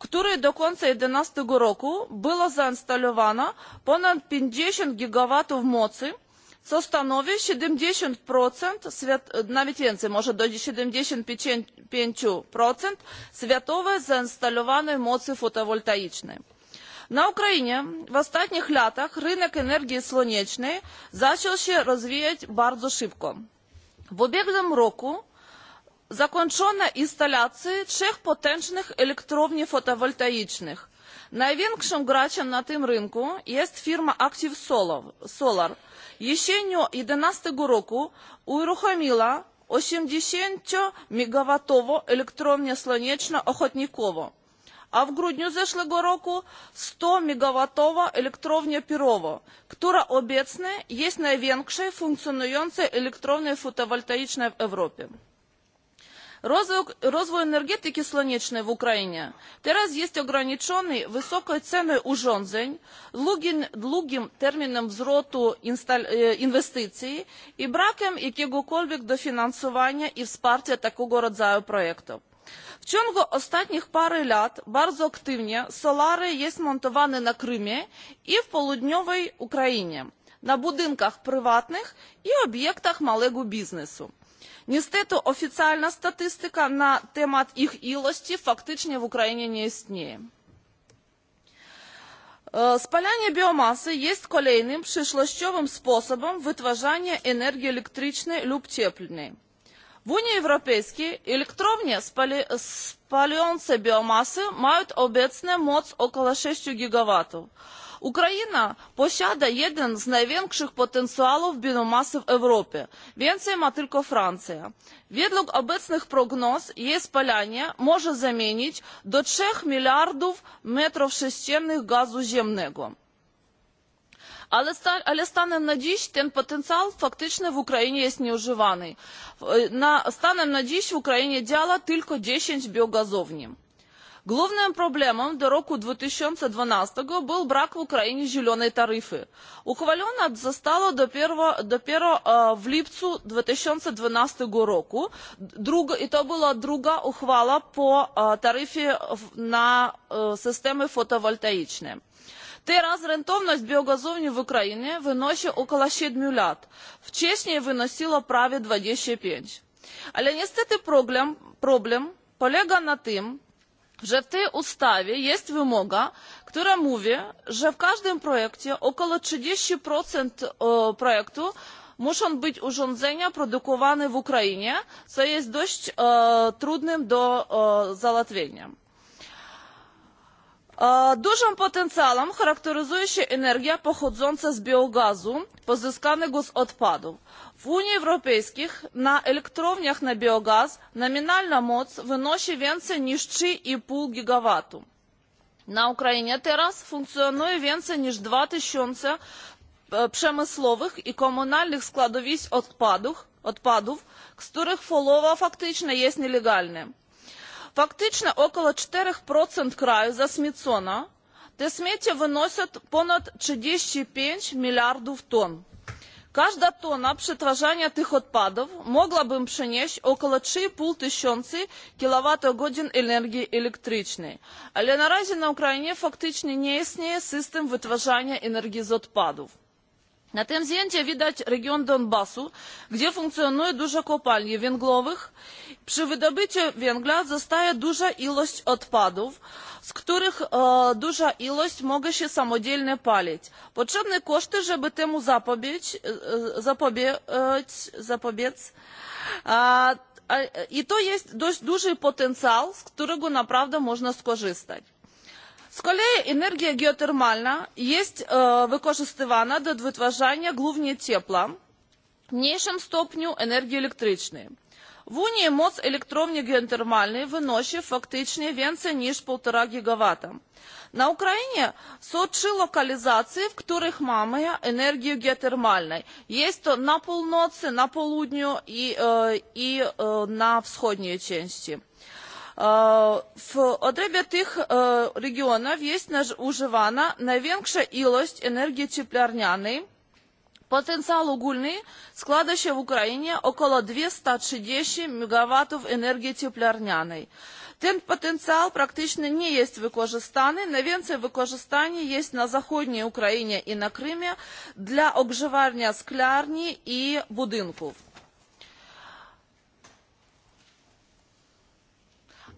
której do końca 2011 roku było zainstalowane ponad pięćdziesiąt gigawatów mocy, co stanowi siedemdziesiąt świat, nawet więcej, może do siedemdziesiąt 75% światowej zainstalowanej mocy fotowoltaicznej. Na Ukrainie w ostatnich latach rynek energii słonecznej zaczął się rozwijać bardzo szybko. W ubiegłym roku zakończono instalację trzech potężnych elektrowni fotowoltaicznych. największym graczem na tym rynku jest firma active solar. jesienią dwa tysiące jedenaście roku uruchomiła osiemdziesiąt megawatową elektrownię słoneczną ochotnikowo a w grudniu zeszłego roku sto megawatową elektrownię pirowo która obecnie jest największą funkcjonującą elektrownią fotowoltaiczną w europie. Rozwój energetyki słonecznej w Ukrainie teraz jest ograniczony wysoką ceną urządzeń, długim, długim terminem wzrostu inwestycji i brakiem jakiegokolwiek dofinansowania i wsparcia takiego rodzaju projektów. W ciągu ostatnich pary lat bardzo aktywnie solary jest montowane na Krymie i w południowej Ukrainie, na budynkach prywatnych i obiektach małego biznesu Niestety oficjalna statystyka na temat ich ilości faktycznie w Ukrainie nie istnieje. Spalanie biomasy jest kolejnym przyszłościowym sposobem wytwarzania energii elektrycznej lub cieplnej. W Unii Europejskiej elektrownie spali spalające biomasy mają obecnie moc około 6 gigawatów Ukraina posiada jeden z największych potencjałów biomasy w Europie. Więcej ma tylko Francja. Według obecnych prognoz jej spalanie może zamienić do 3 miliardów metrów sześciennych gazu ziemnego. Ale, sta, ale stanem na dziś ten potencjał faktycznie w Ukrainie jest nieużywany. Na, stanem na dziś w Ukrainie działa tylko 10 biogazowni главным проблемом до roku dwa tysiące dwanaście był brak w ukrainie zielonej taryfy. uchwalona została dopiero, dopiero w lipcu dwa tysiące dwanaście roku druga, i to była druga uchwała po taryfie na systemy fotowoltaiczne. Teraz rentowność biogazowni w Ukrainie wynosi około 7 lat. Wcześniej wynosiła prawie 25. Ale niestety problem, problem polega na tym, że w tej ustawie jest wymoga która mówi że w każdym projekcie około trzydzieści e, projektu muszą być urządzenia produkowane w ukrainie co jest dość e, trudne do e, załatwienia. dużym potencjałem charakteryzuje się energia pochodząca z biogazu pozyskanego z odpadów. W Unii Europejskiej na elektrowniach na biogaz nominalna moc wynosi więcej niż trzy pięć gigawatu. na ukrainie teraz funkcjonuje więcej niż dwa tysiące przemysłowych i komunalnych składowisk odpadów, odpadów z których połowa faktycznie jest nielegalna. faktycznie około cztery kraju zaśmiecone te śmieci wynoszą ponad trzydzieści pięć miliardów ton każda tona przetwarzania tych odpadów mogłaby przynieść około trzy pięć tysiąca kilowatogodzin energii elektrycznej ale na razie na ukrainie faktycznie nie istnieje system wytwarzania energii z odpadów. na tym zdjęciu widać region donbasu gdzie funkcjonuje dużo kopalni węglowych i przy wydobyciu węgla zostaje duża ilość odpadów z których e, duża ilość może się samodzielnie palić. potrzebne koszty żeby temu zapobiec e, e, i to jest dość duży potencjał z którego naprawdę można skorzystać. z kolei energia geotermalna jest wykorzystywana do wytwarzania głównie ciepła w mniejszym stopniu energii elektrycznej. W Unii moc elektrowni geotermalnej wynosi faktycznie więcej niż 1,5 gigawata. Na Ukrainie są trzy lokalizacje, w których mamy energię geotermalną. Jest to na północy, na południu i, i na wschodniej części. W odrębie tych regionów jest używana największa ilość energii cieplarnianej Потенциал угольный складывающий в Украине около 260 мегаваттов энергии теплярняной. Ten потенціал практично не є використаний. Навінці використання є на Західній Україні і на Кримі для обживання склярні і будинків.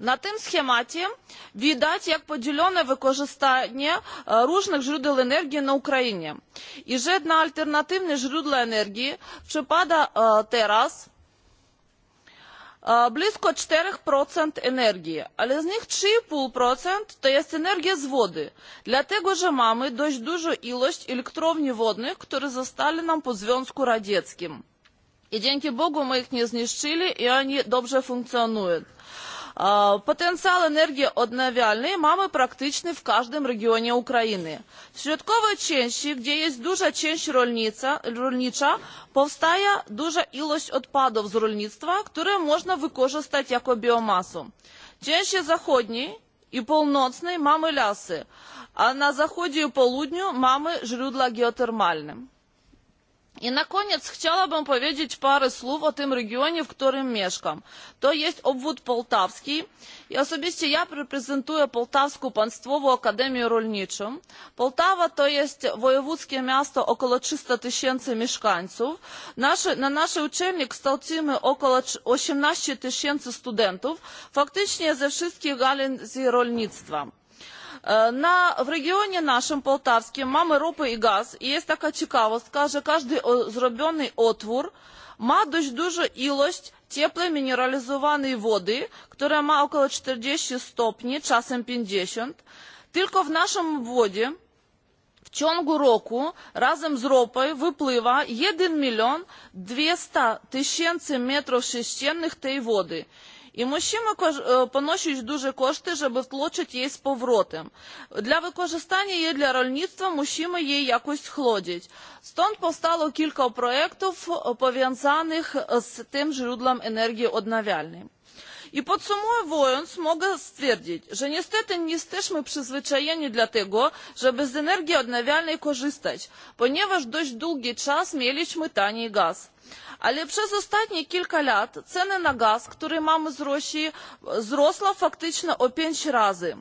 na tym schemacie widać jak podzielone wykorzystanie różnych źródeł energii na ukrainie i że na alternatywne źródła energii przypada teraz blisko cztery energii ale z nich trzy pięć to jest energia z wody dlatego że mamy dość dużą ilość elektrowni wodnych które zostały nam po związku radzieckim i dzięki bogu my ich nie zniszczyli i one dobrze funkcjonują. Потенциал энергии одновіальної mamy практичний в кожному регіоні України. В Środkowej części, gdzie jest duża część rolnica, rolnicza, powstaje duża ilość odpadów z rolnictwa, które można wykorzystać jako biomasę. W części zachodniej i północnej mamy lasy, a na zachodzie i południu mamy źródła geotermalne I na koniec chciałabym powiedzieć parę słów o tym regionie, w którym mieszkam. To jest obwód poltawski i osobiście ja reprezentuję Poltawską Państwową Akademię Rolniczą. Poltawa to jest wojewódzkie miasto około 300 tysięcy mieszkańców. na naszej uczelni kształcimy około 18 tysięcy studentów, faktycznie ze wszystkich galin rolnictwa Э, на, в регионе нашем полтавском мамы ропы и газ есть такая цікавостка, що кожен э, зроблений отвор ma dość dużą ilość cieplej mineralizowanej wody, która ma około 40 stopni, czasem 50. Tylko w naszym wodzie w ciągu roku razem z ropą wypływa 1 milion 200 tysięcy metrów sześciennych tej wody. І мужчина поношують дуже кошти, щоб втлочити її з повротом. Для використання її для рольництва мужчина її якось хлодять. Стон повстало кілька проєктів, пов'язаних з тим źródłem енергії odnawialnej i podsumowując mogę stwierdzić że niestety nie jesteśmy przyzwyczajeni do tego żeby z energii odnawialnej korzystać ponieważ dość długi czas mieliśmy tani gaz ale przez ostatnie kilka lat cena gazu który mamy z rosji wzrosła faktycznie o pięć razy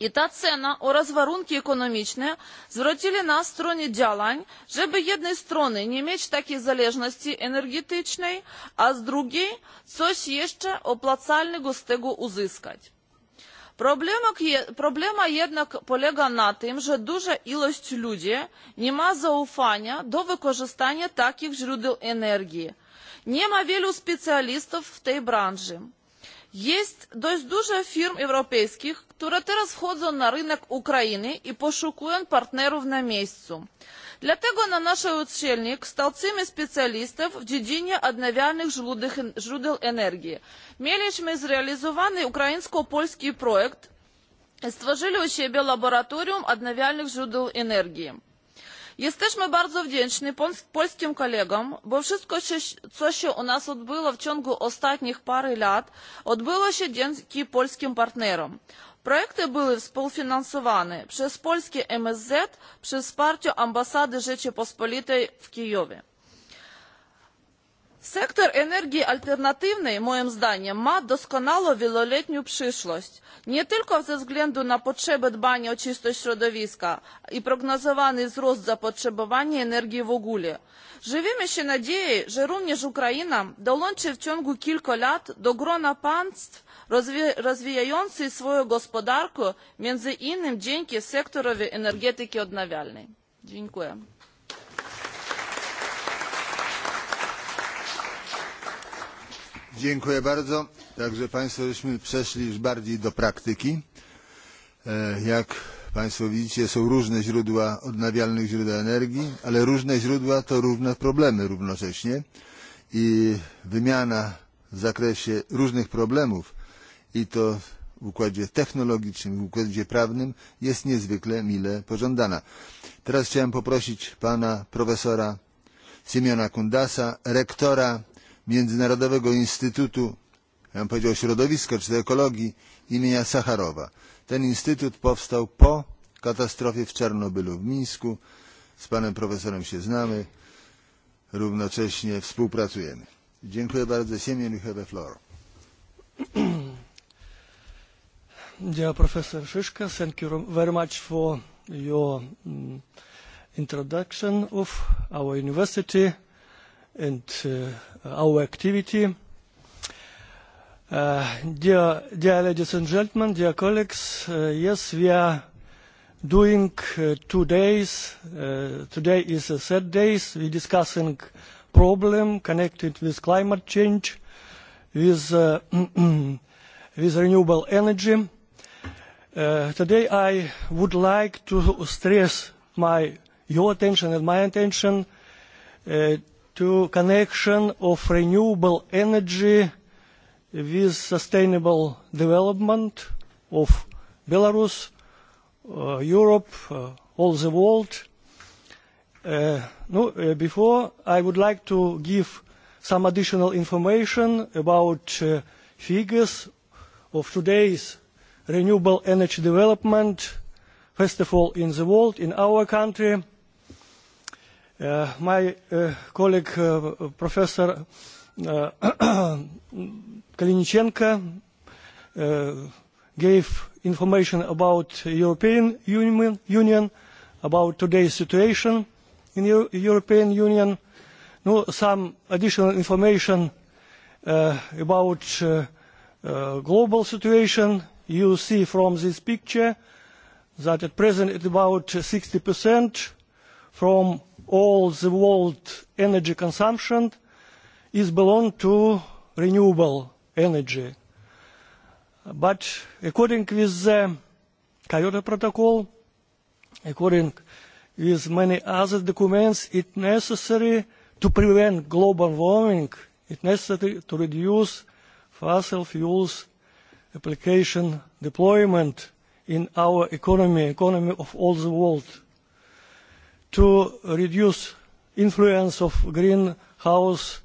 i ta cena oraz warunki ekonomiczne zwrócili nas w stronę działań żeby z jednej strony nie mieć takiej zależności energetycznej a z drugiej coś jeszcze opłacalnego z tego uzyskać. problem jednak polega na tym że duża ilość ludzi nie ma zaufania do wykorzystania takich źródeł energii. nie ma wielu specjalistów w tej branży. Есть dość dużo firm europejskich, które teraz wchodzą na rynek Ukrainy i poszukują partnerów na miejscu. Dlatego na naszej uczelni kształcimy specjalistów w dziedzinie odnawialnych źródeł energii. Mieliśmy zrealizowany ukraińsko-polski projekt i stworzyli u siebie laboratorium odnawialnych źródeł energii jesteśmy bardzo wdzięczni polskim kolegom bo wszystko co się u nas odbyło w ciągu ostatnich paru lat odbyło się dzięki polskim partnerom. projekty były współfinansowane przez polskie msz przy wsparciu ambasady rzeczypospolitej w kijowie. Сектор енергії альтернативний, моим зданiem, ma doskonałą wieloletnią przyszłość. Nie tylko ze względu na potrzebę dbania o czystość środowiska i prognozowany wzrost zapotrzebowania energii w ogóle. Żywimy się nadzieją, że również Ukraina dołączy w ciągu kilku lat do grona państw rozwijających swoją gospodarkę, między innymi dzięki sektorowi energetyki odnawialnej. Dziękuję. Także Państwo żeśmy przeszli już bardziej do praktyki. E, jak Państwo widzicie, są różne źródła odnawialnych źródeł energii, ale różne źródła to równe problemy równocześnie i wymiana w zakresie różnych problemów i to w układzie technologicznym, w układzie prawnym jest niezwykle mile pożądana. Teraz chciałem poprosić pana profesora Siemiona Kundasa, rektora Międzynarodowego Instytutu, ja bym powiedział środowiska czy ekologii imienia Sacharowa. Ten instytut powstał po katastrofie w Czarnobylu w Mińsku. Z panem profesorem się znamy, równocześnie współpracujemy. Dziękuję bardzo. Siemien, you have the floor. Dear Professor Shishka, thank you very much for your mm, introduction of our university and uh, our activity. Uh, dear, dear ladies and gentlemen, dear colleagues, uh, yes, we are doing two days. Today is a third day. We're discussing problem connected with climate change, with, uh, with renewable energy. Uh, today I would like to stress my, your attention and my attention uh, to connection of renewable energy with sustainable development of Belarus, uh, Europe, uh, all the world. Uh, no, uh, before, I would like to give some additional information about uh, figures of today's renewable energy development, first of all in the world, in our country, Uh, my uh, colleague, uh, Professor uh, Kalinichenko, uh, gave information about European Union, about today's situation in the European Union. No, some additional information uh, about uh, uh, global situation. You see from this picture that at present it's about 60% from all the world energy consumption is belong to renewable energy. But according with the Kyoto Protocol, according with many other documents, it necessary to prevent global warming, it necessary to reduce fossil fuels application deployment in our economy, economy of all the world to reduce influence of greenhouse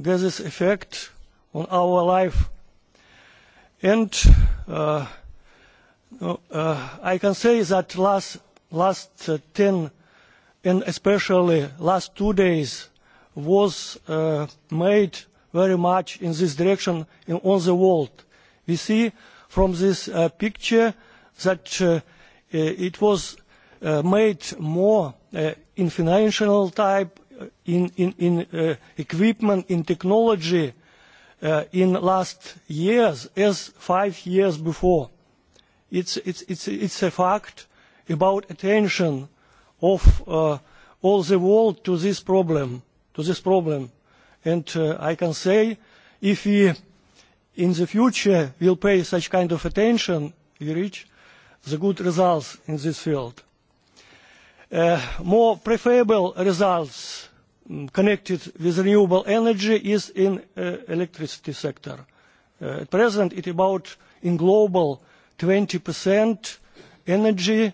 gases effect on our life. And uh, uh, I can say that last, last uh, 10 and especially last two days was uh, made very much in this direction in, on the world. We see from this uh, picture that uh, it was uh, made more uh, in financial type, uh, in, in, in uh, equipment, in technology uh, in last years as five years before. It's, it's, it's, it's a fact about attention of uh, all the world to this problem, to this problem. And uh, I can say if we in the future will pay such kind of attention, we reach the good results in this field. Э, more preferable results connected with renewable energy is in uh, electricity sector. Uh, at present, it about in global 20% energy,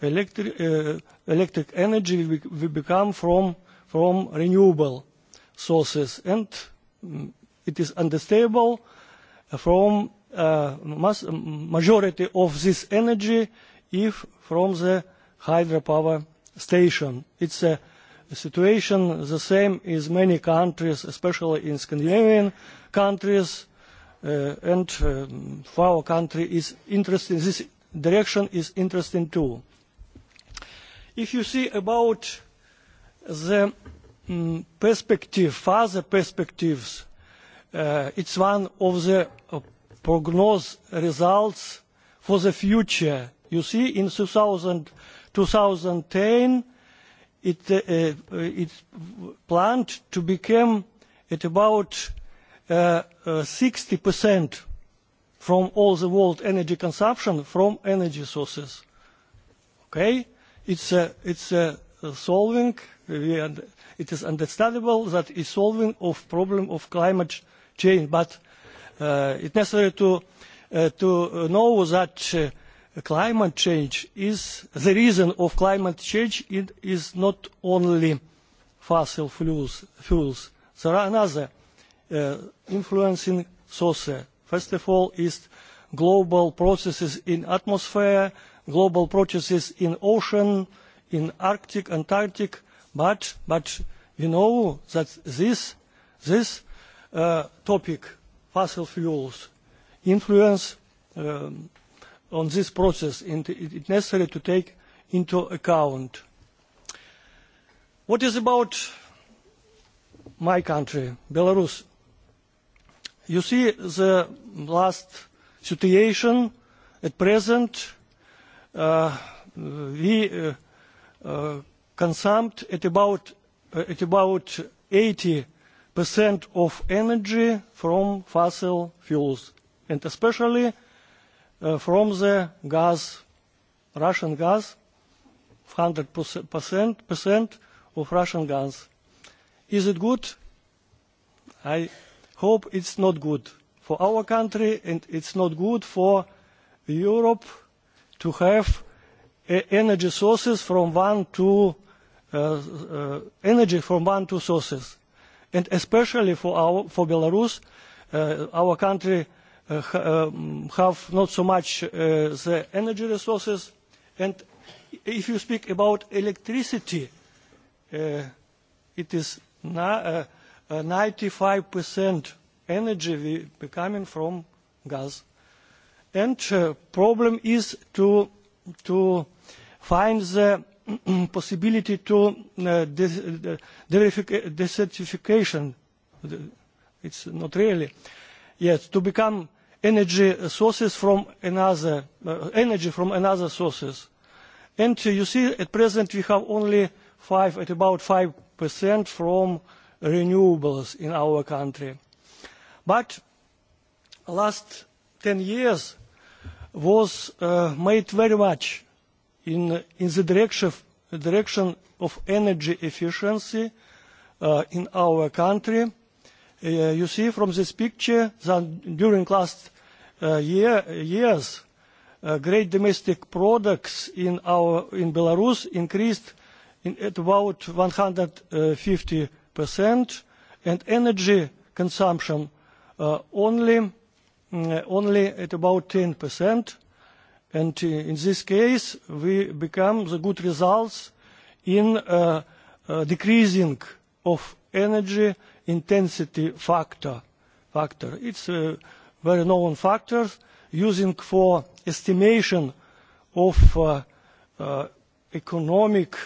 electric, uh, electric energy we, we become from, from renewable sources, and um, it is understandable from uh, mass, majority of this energy if from the hydropower station. It's a situation the same as many countries, especially in Scandinavian countries, uh, and um, for our country is interesting. This direction is interesting too. If you see about the um, perspective, further perspectives, uh, it's one of the uh, prognose results for the future. You see, in 2000. 2010 it, uh, uh planned to become at about uh, uh, 60% from all the world energy consumption from energy sources. Okay, it's a, uh, it's a uh, solving. it is understandable that it's solving of problem of climate change, but uh, it's necessary to uh, to know that. Uh, climate change is the reason of climate change it is not only fossil fuels, fuels. there are another uh, influencing sources. first of all is global processes in atmosphere global processes in ocean in arctic antarctic but but we know that this this uh, topic fossil fuels influence um, on this process and it is necessary to take into account. What is about my country, Belarus? You see the last situation at present uh, we uh, uh, consumed at about uh, at about 80 percent of energy from fossil fuels and especially Э, from the gas, Russian gas, 100% percent of Russian gas. Is it good? I hope it's not good for our country and it's not good for Europe to have e, energy sources from one to uh, uh, energy from one to sources and especially for our for Belarus uh, our country Uh, have not so much uh, the energy resources. And if you speak about electricity, uh, it is 95% energy coming from gas. And uh, problem is to to find the possibility to uh, desertification. It's not really. Yes, to become energy sources from another uh, energy from another sources. And uh, you see, at present we have only five, at about five percent from renewables in our country. But last 10 years was uh, made very much in, in the direction, direction of energy efficiency uh, in our country Uh, you see from this picture that during last uh, year, years, uh, great domestic products in, our, in Belarus increased in, at about 150%, and energy consumption uh, only, mm, only at about 10%. And uh, in this case, we become the good results in uh, decreasing of energy intensity factor. factor. It's a uh, very known factor using for estimation of uh, uh, economic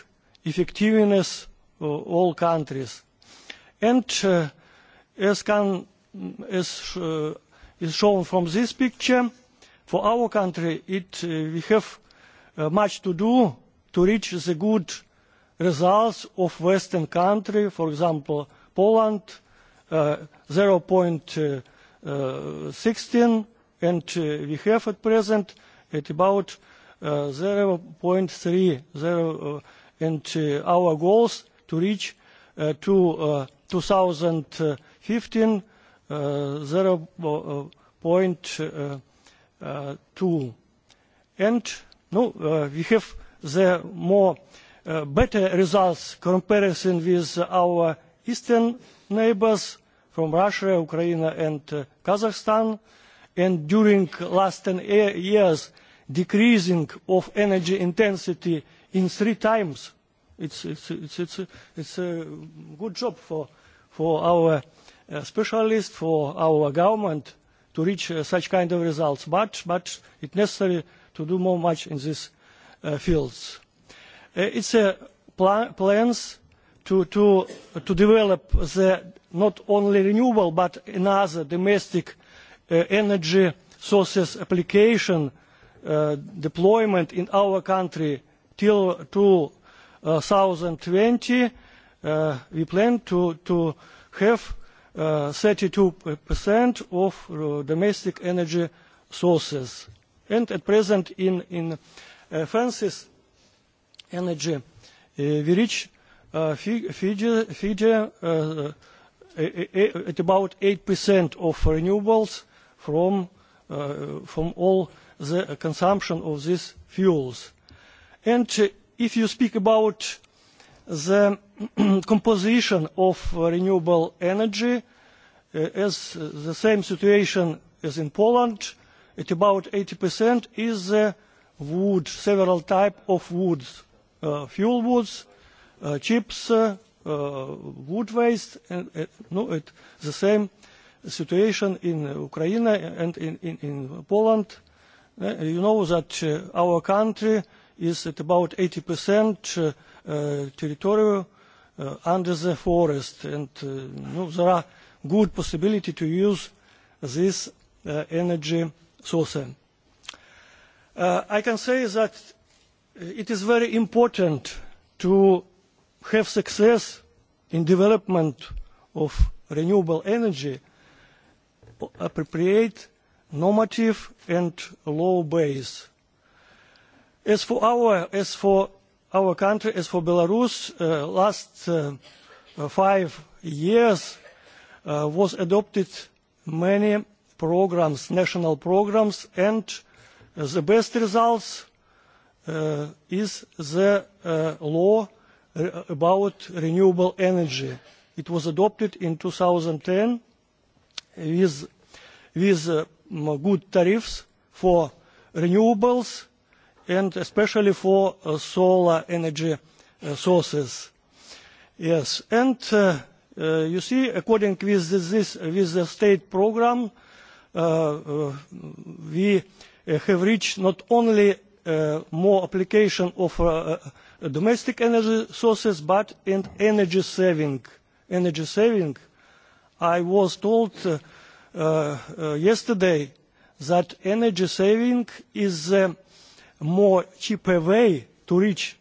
effectiveness of all countries. And uh, as, can, mm, as uh, is shown from this picture, for our country it, uh, we have uh, much to do to reach the good results of Western country, for example, Poland, 0.16, uh, uh, uh, and we have at present at about 0.30, and our goals to reach to 2015 0.2. And we have the more Uh, better results comparison with our eastern neighbours from Russia, Ukraine and uh, Kazakhstan. And during last ten e-, years, decreasing of energy intensity in three times. It's, is a good job for, for our uh, specialists, for our government to reach such kind of results. But, it is necessary to do more much in these fields. Uh, it's a uh, pl plans to, to, to develop the not only renewable but another domestic uh, energy sources application uh, deployment in our country till 2020 uh, uh, we plan to, to have uh, 32% of uh, domestic energy sources. And at present in, in uh, energy, uh, eh, we reach uh, eh, Fiji, Fiji uh, at about 8% of renewables from, uh, from all the consumption of these fuels. And if you speak about the composition of renewable energy, uh, as the same situation as in Poland, at about 80% is the wood, several types of woods uh, fuel woods, uh, chips, uh, uh, wood waste, and uh, no, it, the same situation in Ukraine and in, in, in Poland. Uh, you know that uh, our country is at about 80% uh, uh, territory uh, under the forest, and uh, there are good possibility to use this uh, energy source. Uh, I can say that Uh, it is very important to have success in development of renewable energy appropriate normative and law base. As for our, as for our country, as for Belarus, uh, last uh, uh five years uh, was adopted many programs, national programs, and uh, the best results uh, э, is the uh, law re about renewable energy. It was adopted in 2010 with, with uh, good tariffs for renewables and especially for uh, solar energy uh, sources. Yes, and uh, uh, you see, according with this, with the state program, uh, uh, we uh, have reached not only Uh, more application of uh, uh, domestic energy sources but in energy saving. Energy saving, I was told yesterday that energy saving is a more cheaper way to reach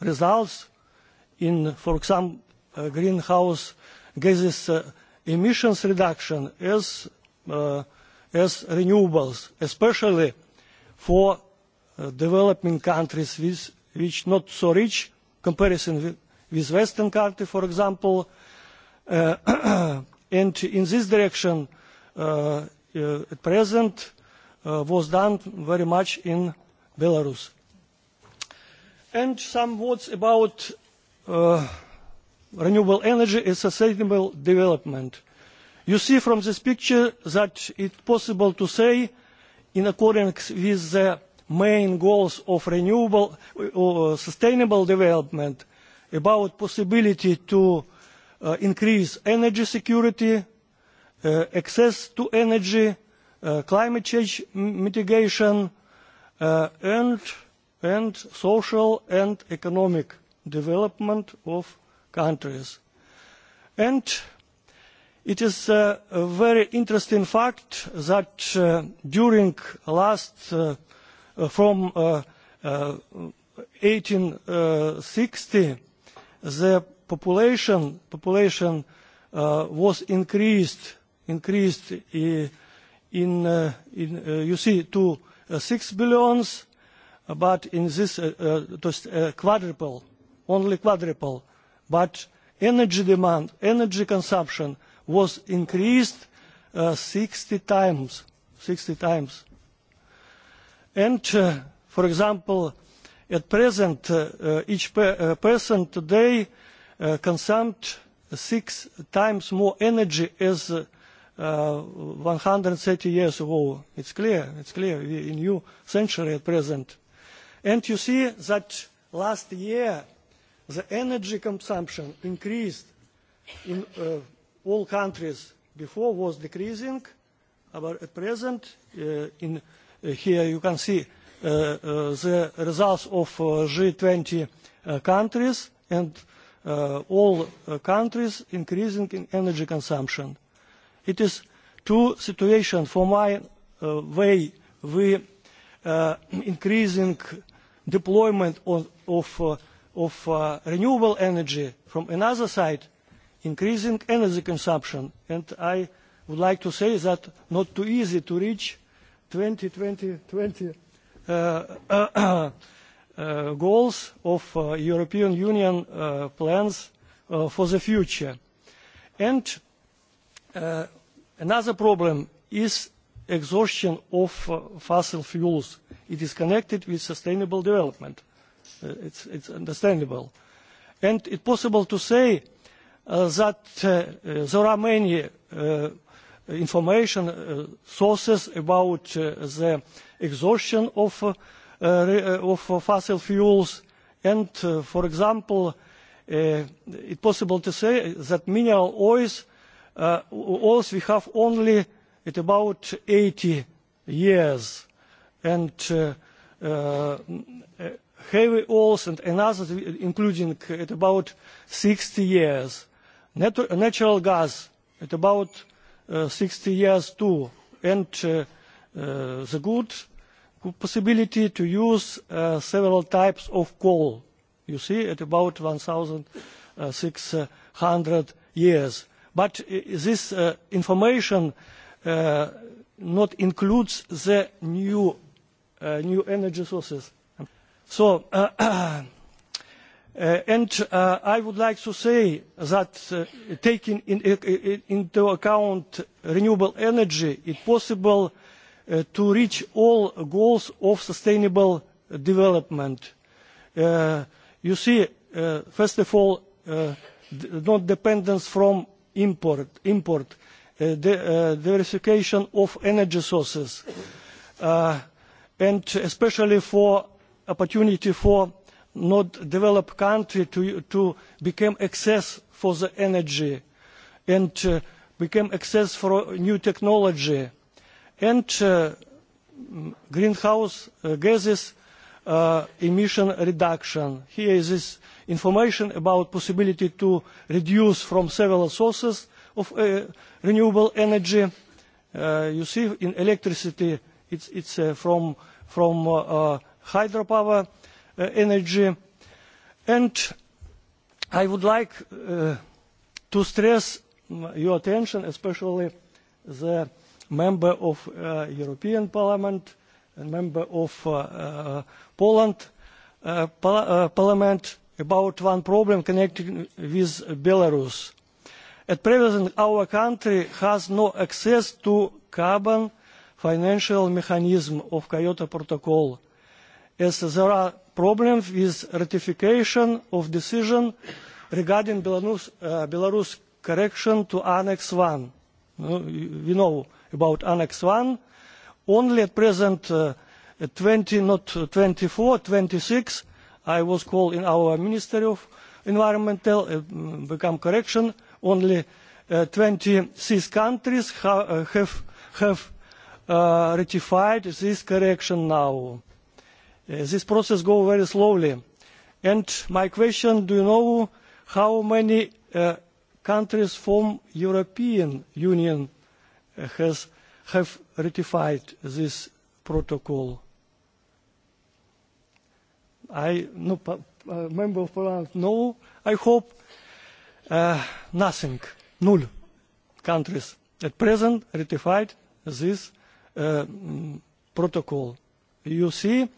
results in, for example, uh, greenhouse gases uh, emissions reduction as, uh, as renewables, especially for Э, developing countries with, which not so rich comparison with, with Western country, for example. Uh, and in this direction, uh, uh, at present, uh, was done very much in Belarus. And some words about uh, renewable energy and sustainable development. You see from this picture that it's possible to say, in accordance with the main goals of renewable uh, uh, sustainable development about possibility to uh, increase energy security, uh, access to energy, uh, climate change mitigation, uh, and, and social and economic development of countries. And it is uh, a very interesting fact that uh, during last uh, Uh, from 1860 uh, uh, the population population was increased increased in, in you see to six billions but in this quadruple only quadruple but energy demand energy consumption was increased 60 times 60 times And, uh, for example, at present, uh, uh, each person today consumes six times more energy as and thirty years ago. It's clear, it's clear, we are in new century at present. And you see that last year the energy consumption increased in uh, all countries before was decreasing, but at present uh, in Eh, here you can see eh, eh, the results of G20 countries and all countries increasing in energy consumption. It is two situations. for my way we increasing deployment of, of, of renewable energy from another side increasing energy consumption. And I would like to say that not too easy to reach 2020 uh, uh, uh, goals of uh, European Union uh, plans uh, for the future. And uh, another problem is exhaustion of uh, fossil fuels. It is connected with sustainable development. Uh, it's, it's understandable. And it's possible to say uh, that uh, there are many uh, information uh, sources about uh, the exhaustion of, uh, of fossil fuels. And, for example, it's possible to say that mineral oils, oils we have only at about 80 years. And heavy oils and others, including at about 60 years. natural gas at about Э, sixty years too, and э, э, the good possibility to use several types of coal. You see, at about one thousand six hundred years. But uh, this uh, information does uh, not include the new, new energy sources. So. Uh, and uh, I would like to say that uh, taking into account renewable energy, it is possible to reach all goals of sustainable development. you see, first of all, no dependence on imports the, diversification of energy sources, and especially for opportunity for not developed country to, to become access for the energy and uh, become access for new technology and uh, greenhouse uh, gases uh, emission reduction. Here is information about possibility to reduce from several sources of uh, renewable energy. Uh, you see in electricity it's, it's uh, from, from uh, uh, hydropower Eh, energy. And I would like eh, to stress your attention, especially the member of uh, European Parliament and member of uh, uh, Poland uh, par Parliament about one problem connected with Belarus. At present, our country has no access to carbon financial mechanism of Kyoto Protocol, as there are problems with ratification of decision regarding Belarus, uh, Belarus correction to Annex 1. No, we know about Annex 1. Only at present uh, 20, not 24, 26, I was called in our Ministry of Environmental, uh, become correction, only uh, 26 countries ha uh, have, have uh, ratified this correction now Uh, this process goes very slowly. my question, is do you know how many uh, countries from the European Union uh, has, have ratified this protocol? I no uh, member of parliament. No, I hope uh, nothing. Null countries at present ratified this uh, mm, protocol. You see,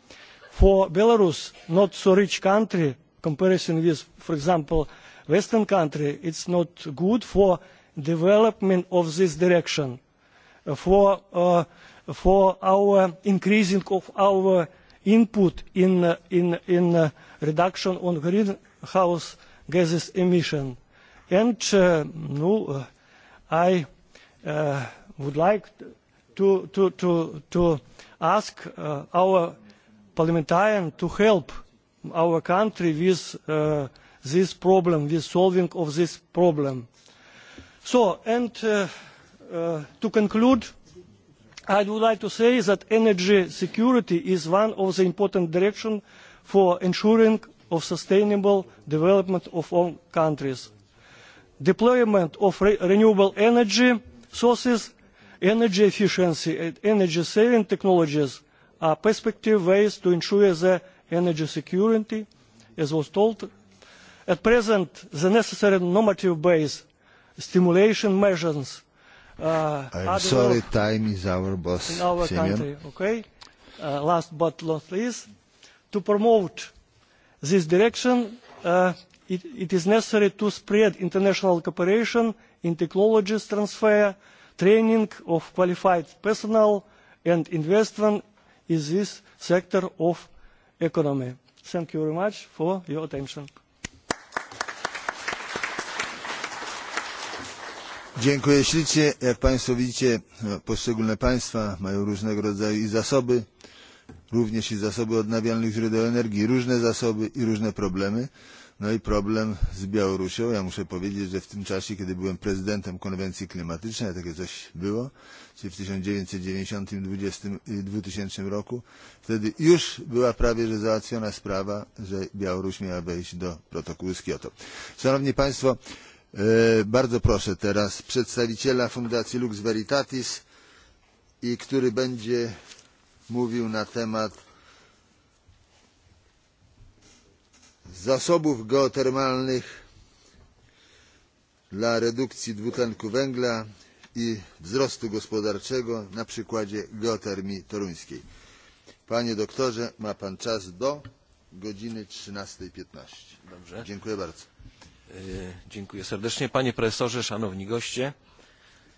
for Belarus, not so rich country, comparison with, for example, Western country, it's not good for development of this direction, uh, for, uh, for our increasing of our input in, uh, in, in uh, reduction on greenhouse gases emission. And uh, no, uh, I uh, would like to, to, to, to ask uh, our parliamentarian to help our country with uh, this problem, with solving of this problem. So, and uh, uh, to conclude, I would like to say that energy security is one of the important directions for ensuring of sustainable development of all countries. Deployment of re renewable energy sources, energy efficiency and energy saving technologies are perspective ways to ensure the energy security, as was told. At present, the necessary normative base stimulation measures uh, I'm sorry, time is our boss. In our country, okay. Uh, last but not least, to promote this direction, uh, it, it is necessary to spread international cooperation in technologies transfer, training of qualified personnel, and investment is this sector of economy. Thank you very much for your attention. Dziękuję ślicznie. Jak Państwo widzicie, e, poszczególne państwa mają różnego rodzaju i zasoby również i zasoby odnawialnych źródeł energii różne zasoby i różne problemy no i problem z białorusią ja muszę powiedzieć że w tym czasie kiedy byłem prezydentem konwencji klimatycznej a takie coś było czyli w tysiąc dziewięćset dziewięćdzisiąt dwa tysiące roku wtedy już była prawie że załatwiona sprawa że białoruś miała wejść do protokołu z kioto. szanowni państwo e, bardzo proszę teraz przedstawiciela fundacji lux veritatis i który będzie w mówił na temat zasobów geotermalnych dla redukcji dwutlenku węgla i wzrostu gospodarczego na przykładzie geotermii toruńskiej. Panie doktorze, ma pan czas do godziny 13.15. Dziękuję bardzo. E, dziękuję serdecznie. Panie profesorze, szanowni goście.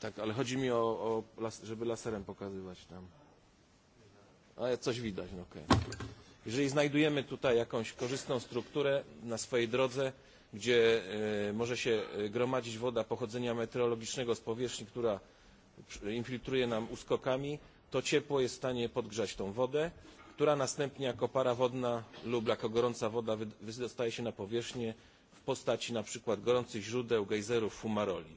Tak, ale chodzi mi o, o żeby laserem pokazywać tam. Ale coś widać, no okej. Okay. Jeżeli znajdujemy tutaj jakąś korzystną strukturę na swojej drodze, gdzie y, e, może się e, gromadzić woda pochodzenia meteorologicznego z powierzchni, która infiltruje nam uskokami, to ciepło jest w stanie podgrzać tą wodę, która następnie jako para wodna lub jako gorąca woda wydostaje się na powierzchnię w postaci na przykład gorących źródeł, gejzerów, fumaroli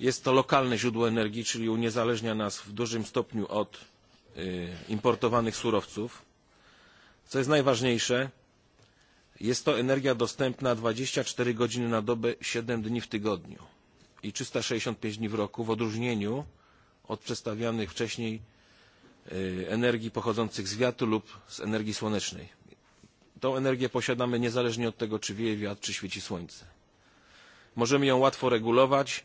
Jest to lokalne źródło energii, czyli uniezależnia nas w dużym stopniu od importowanych surowców. Co jest najważniejsze, jest to energia dostępna 24 godziny na dobę, 7 dni w tygodniu i 365 dni w roku, w odróżnieniu od przedstawianych wcześniej energii pochodzących z wiatru lub z energii słonecznej. Tą energię posiadamy niezależnie od tego, czy wieje wiatr, czy świeci słońce. Możemy ją łatwo regulować,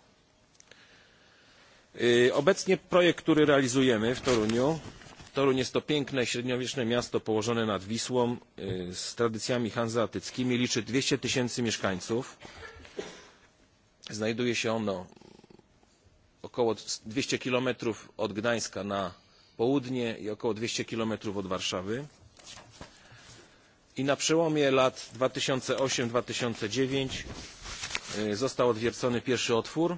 obecnie projekt który realizujemy w toruniu toruń jest to piękne średniowieczne miasto położone nad wisłą z tradycjami hanzeatyckimi liczy dwieście tysięcy mieszkańców znajduje się ono około dwieście kilometrów od gdańska na południe i około dwieście kilometrów od warszawy i na przełomie lat dwa tysiące osiem dwa tysiące dziewięć został odwiercony pierwszy otwór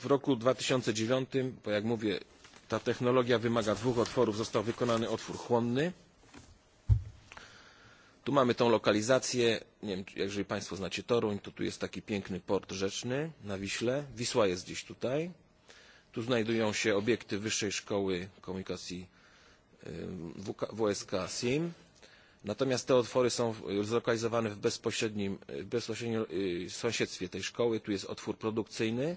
w roku dwa tysiące dziewięć bo jak mówię ta technologia wymaga dwóch otworów został wykonany otwór chłonny tu mamy tą lokalizację nie wiem jeżeli państwo znacie toruń to tu jest taki piękny port rzeczny na wiśle wisła jest gdzieś tutaj tu znajdują się obiekty wyższej szkoły komunikacji wsk sim Natomiast te otwory są zlokalizowane w bezpośrednim, bezpośrednim sąsiedztwie tej szkoły. Tu jest otwór produkcyjny,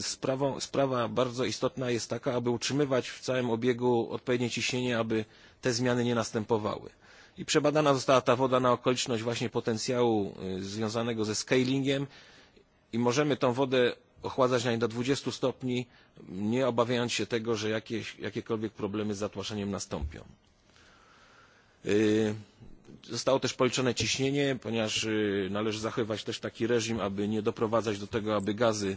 Sprawą, sprawa bardzo istotna jest taka, aby utrzymywać w całym obiegu odpowiednie ciśnienie, aby te zmiany nie następowały. I przebadana została ta woda na okoliczność właśnie potencjału związanego ze scalingiem i możemy tą wodę ochładzać na do 20 stopni, nie obawiając się tego, że jakieś, jakiekolwiek problemy z zatłaszczeniem nastąpią. zostało też policzone ciśnienie, ponieważ należy zachowywać też taki reżim, aby nie doprowadzać do tego, aby gazy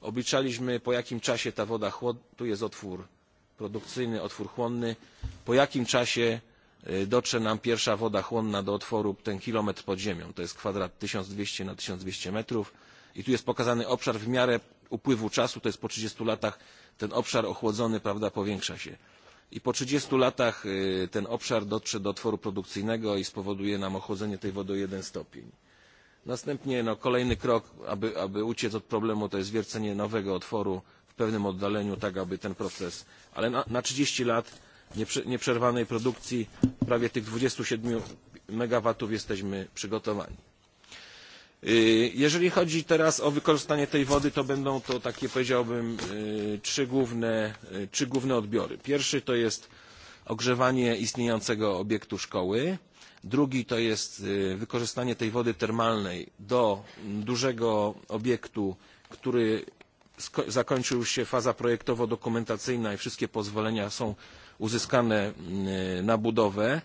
Obliczaliśmy po jakim czasie ta woda tu jest otwór produkcyjny, otwór chłonny, po jakim czasie dotrze nam pierwsza woda chłonna do otworu ten kilometr pod ziemią. To jest kwadrat 1200 na 1200 metrów i tu jest pokazany obszar w miarę upływu czasu, to jest po 30 latach ten obszar ochłodzony prawda, powiększa się. I po 30 latach ten obszar dotrze do otworu produkcyjnego i spowoduje nam ochłodzenie tej wody o jeden stopień. Następnie kolejny krok, aby, uciec od problemu, to jest wiercenie nowego otworu w pewnym oddaleniu, tak aby ten proces, ale na, trzydzieści lat nieprzerwanej produkcji prawie tych dwadzieścia siedem megawatów jesteśmy przygotowani. Jeżeli chodzi teraz o wykorzystanie tej wody, to będą to takie powiedziałbym trzy główne, trzy główne odbiory. Pierwszy to jest ogrzewanie istniejącego obiektu szkoły drugi to jest wykorzystanie tej wody termalnej do mm, dużego obiektu który zakończył się faza projektowo dokumentacyjna i wszystkie pozwolenia są uzyskane mm, na budowę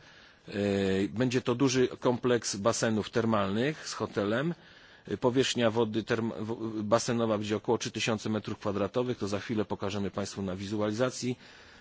będzie to duży kompleks basenów termalnych z hotelem powierzchnia wody basenowa będzie około trzy tysiące metrów kwadratowych to za chwilę pokażemy państwu na wizualizacji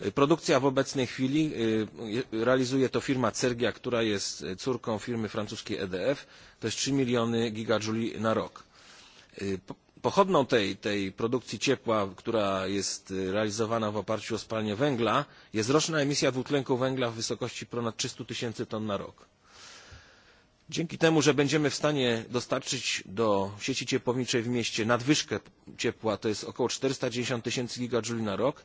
E, produkcja w obecnej chwili e, realizuje to firma Cergia, która jest e, córką firmy francuskiej EDF. To jest trzy miliony gigadżuli na rok. Pochodną tej, produkcji ciepła, która jest realizowana w oparciu o spalanie węgla, jest roczna emisja dwutlenku węgla w wysokości ponad trzysta tysięcy ton na rok. Dzięki temu, że będziemy w stanie dostarczyć do sieci ciepłowniczej w mieście nadwyżkę ciepła, to jest około czterysta dziewięćdzisiąt tysięcy gigadżuli na rok,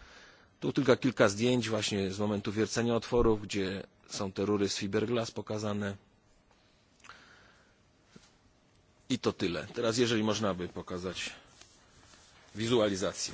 Tu tylko kilka zdjęć właśnie z momentu wiercenia otworów, gdzie są te rury z fiberglass pokazane. I to tyle. Teraz jeżeli można by pokazać wizualizację.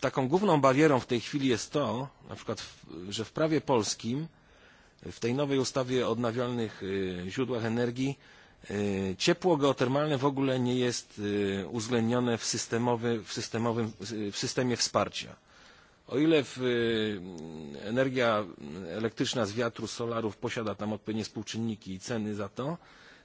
taką główną barierą w tej chwili jest to, na przykład, że w prawie polskim, w tej nowej ustawie o odnawialnych źródłach energii, ciepło geotermalne w ogóle nie jest uwzględnione w, systemowy, w, systemowym, w systemie wsparcia. O ile w, energia elektryczna z wiatru, solarów posiada tam odpowiednie współczynniki i ceny za to,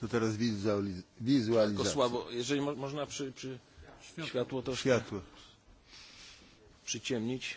To teraz wizualizacja. Tylko słabo, jeżeli mo można przy, przy... Światło. światło troszkę światło. przyciemnić.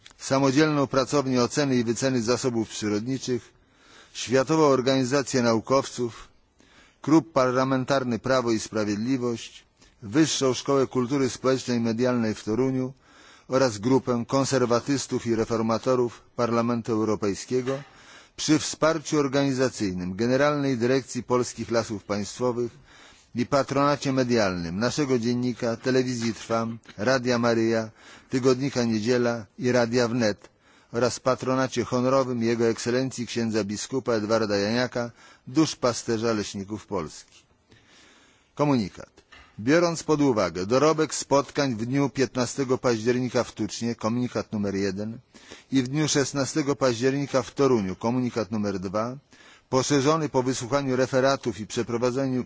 samodzielną pracownię oceny i wyceny zasobów przyrodniczych światową organizację naukowców klub parlamentarny prawo i sprawiedliwość wyższą szkołę kultury społecznej i medialnej w toruniu oraz grupę konserwatystów i reformatorów parlamentu europejskiego przy wsparciu organizacyjnym generalnej dyrekcji polskich lasów państwowych i patronacie medialnym naszego dziennika, telewizji Trwam, Radia Maryja, Tygodnika Niedziela i Radia Wnet oraz patronacie honorowym Jego Ekscelencji księdza biskupa Edwarda Janiaka, duszpasterza leśników Polski. Komunikat. Biorąc pod uwagę dorobek spotkań w dniu 15 października w Tucznie, komunikat numer 1, i w dniu 16 października w Toruniu, komunikat numer 2, poszerzony po wysłuchaniu referatów i przeprowadzeniu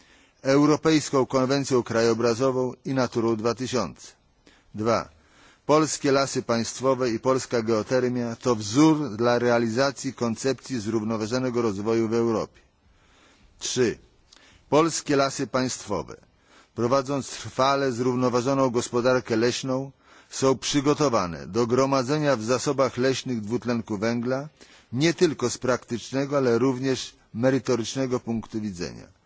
europejską konwencją krajobrazową i naturą. dwa tysiące dwa polskie lasy państwowe i polska geotermia to wzór dla realizacji koncepcji zrównoważonego rozwoju w europie. trzy polskie lasy państwowe prowadząc trwale zrównoważoną gospodarkę leśną są przygotowane do gromadzenia w zasobach leśnych dwutlenku węgla nie tylko z praktycznego ale również merytorycznego punktu widzenia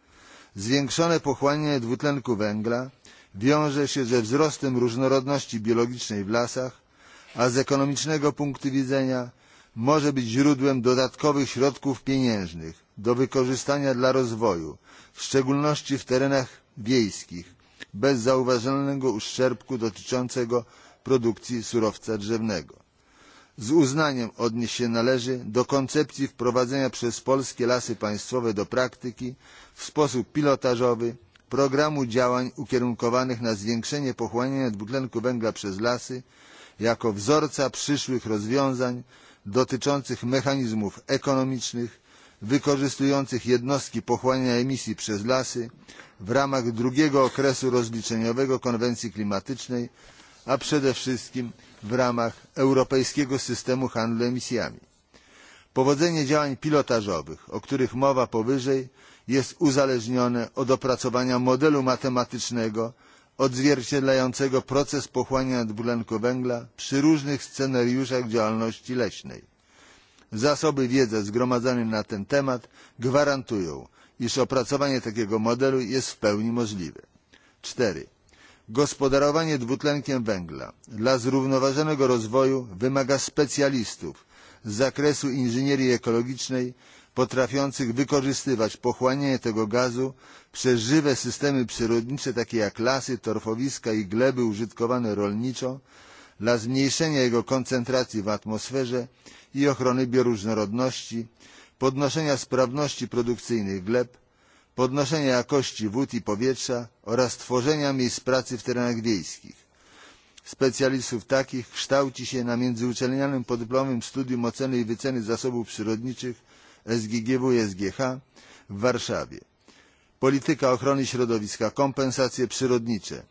zwiększone pochłanianie dwutlenku węgla wiąże się ze wzrostem różnorodności biologicznej w lasach a z ekonomicznego punktu widzenia może być źródłem dodatkowych środków pieniężnych do wykorzystania dla rozwoju w szczególności w terenach wiejskich bez zauważalnego uszczerbku dotyczącego produkcji surowca drzewnego z uznaniem odnieść się należy do koncepcji wprowadzenia przez polskie lasy państwowe do praktyki w sposób pilotażowy programu działań ukierunkowanych na zwiększenie pochłaniania dwutlenku węgla przez lasy jako wzorca przyszłych rozwiązań dotyczących mechanizmów ekonomicznych wykorzystujących jednostki pochłaniania emisji przez lasy w ramach drugiego okresu rozliczeniowego konwencji klimatycznej a przede wszystkim w ramach europejskiego systemu handlu emisjami. Powodzenie działań pilotażowych, o których mowa powyżej, jest uzależnione od opracowania modelu matematycznego odzwierciedlającego proces pochłaniania dwutlenku węgla przy różnych scenariuszach działalności leśnej. Zasoby wiedzy zgromadzone na ten temat gwarantują, iż opracowanie takiego modelu jest w pełni możliwe. 4 Gospodarowanie dwutlenkiem węgla dla zrównoważonego rozwoju wymaga specjalistów z zakresu inżynierii ekologicznej potrafiących wykorzystywać pochłanianie tego gazu przez żywe systemy przyrodnicze takie jak lasy, torfowiska i gleby użytkowane rolniczo dla zmniejszenia jego koncentracji w atmosferze i ochrony bioróżnorodności, podnoszenia sprawności produkcyjnej gleb, podnoszenia jakości wód i powietrza oraz tworzenia miejsc pracy w terenach wiejskich. specjalistów takich kształci się na międzyuczelnianym podyplomowym studium oceny i wyceny zasobów przyrodniczych sggw sgh w warszawie. polityka ochrony środowiska kompensacje przyrodnicze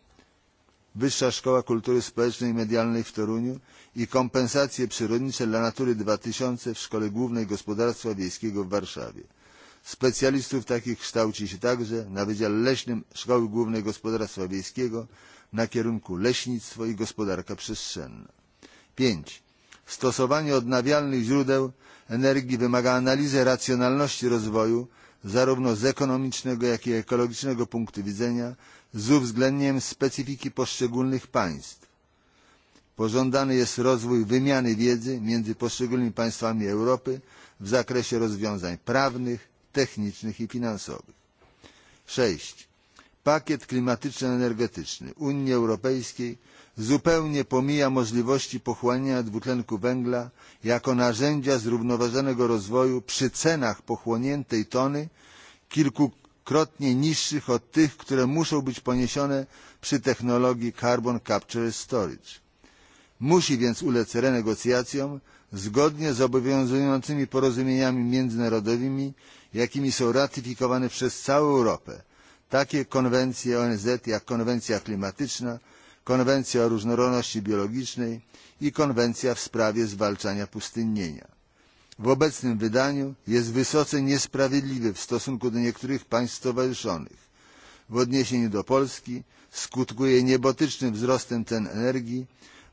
wyższa szkoła kultury społecznej i medialnej w toruniu i kompensacje przyrodnicze dla natury dwa tysiące w szkole głównej gospodarstwa wiejskiego w warszawie. Specjalistów takich kształci się także na Wydziale Leśnym Szkoły Głównej Gospodarstwa Wiejskiego na kierunku leśnictwo i gospodarka przestrzenna. 5. Stosowanie odnawialnych źródeł energii wymaga analizy racjonalności rozwoju zarówno z ekonomicznego, jak i ekologicznego punktu widzenia z uwzględnieniem specyfiki poszczególnych państw. Pożądany jest rozwój wymiany wiedzy między poszczególnymi państwami Europy w zakresie rozwiązań prawnych, technicznych i finansowych. sześć pakiet klimatyczno energetyczny unii europejskiej zupełnie pomija możliwości pochłaniania dwutlenku węgla jako narzędzia zrównoważonego rozwoju przy cenach pochłoniętej tony kilkukrotnie niższych od tych które muszą być poniesione przy technologii carbon capture and storage. musi więc ulec renegocjacjom zgodnie z obowiązującymi porozumieniami międzynarodowymi jakimi są ratyfikowane przez całą Europę takie konwencje ONZ jak konwencja klimatyczna, konwencja o różnorodności biologicznej i konwencja w sprawie zwalczania pustynnienia. W obecnym wydaniu jest wysoce niesprawiedliwy w stosunku do niektórych państw stowarzyszonych. W odniesieniu do Polski skutkuje niebotycznym wzrostem cen energii,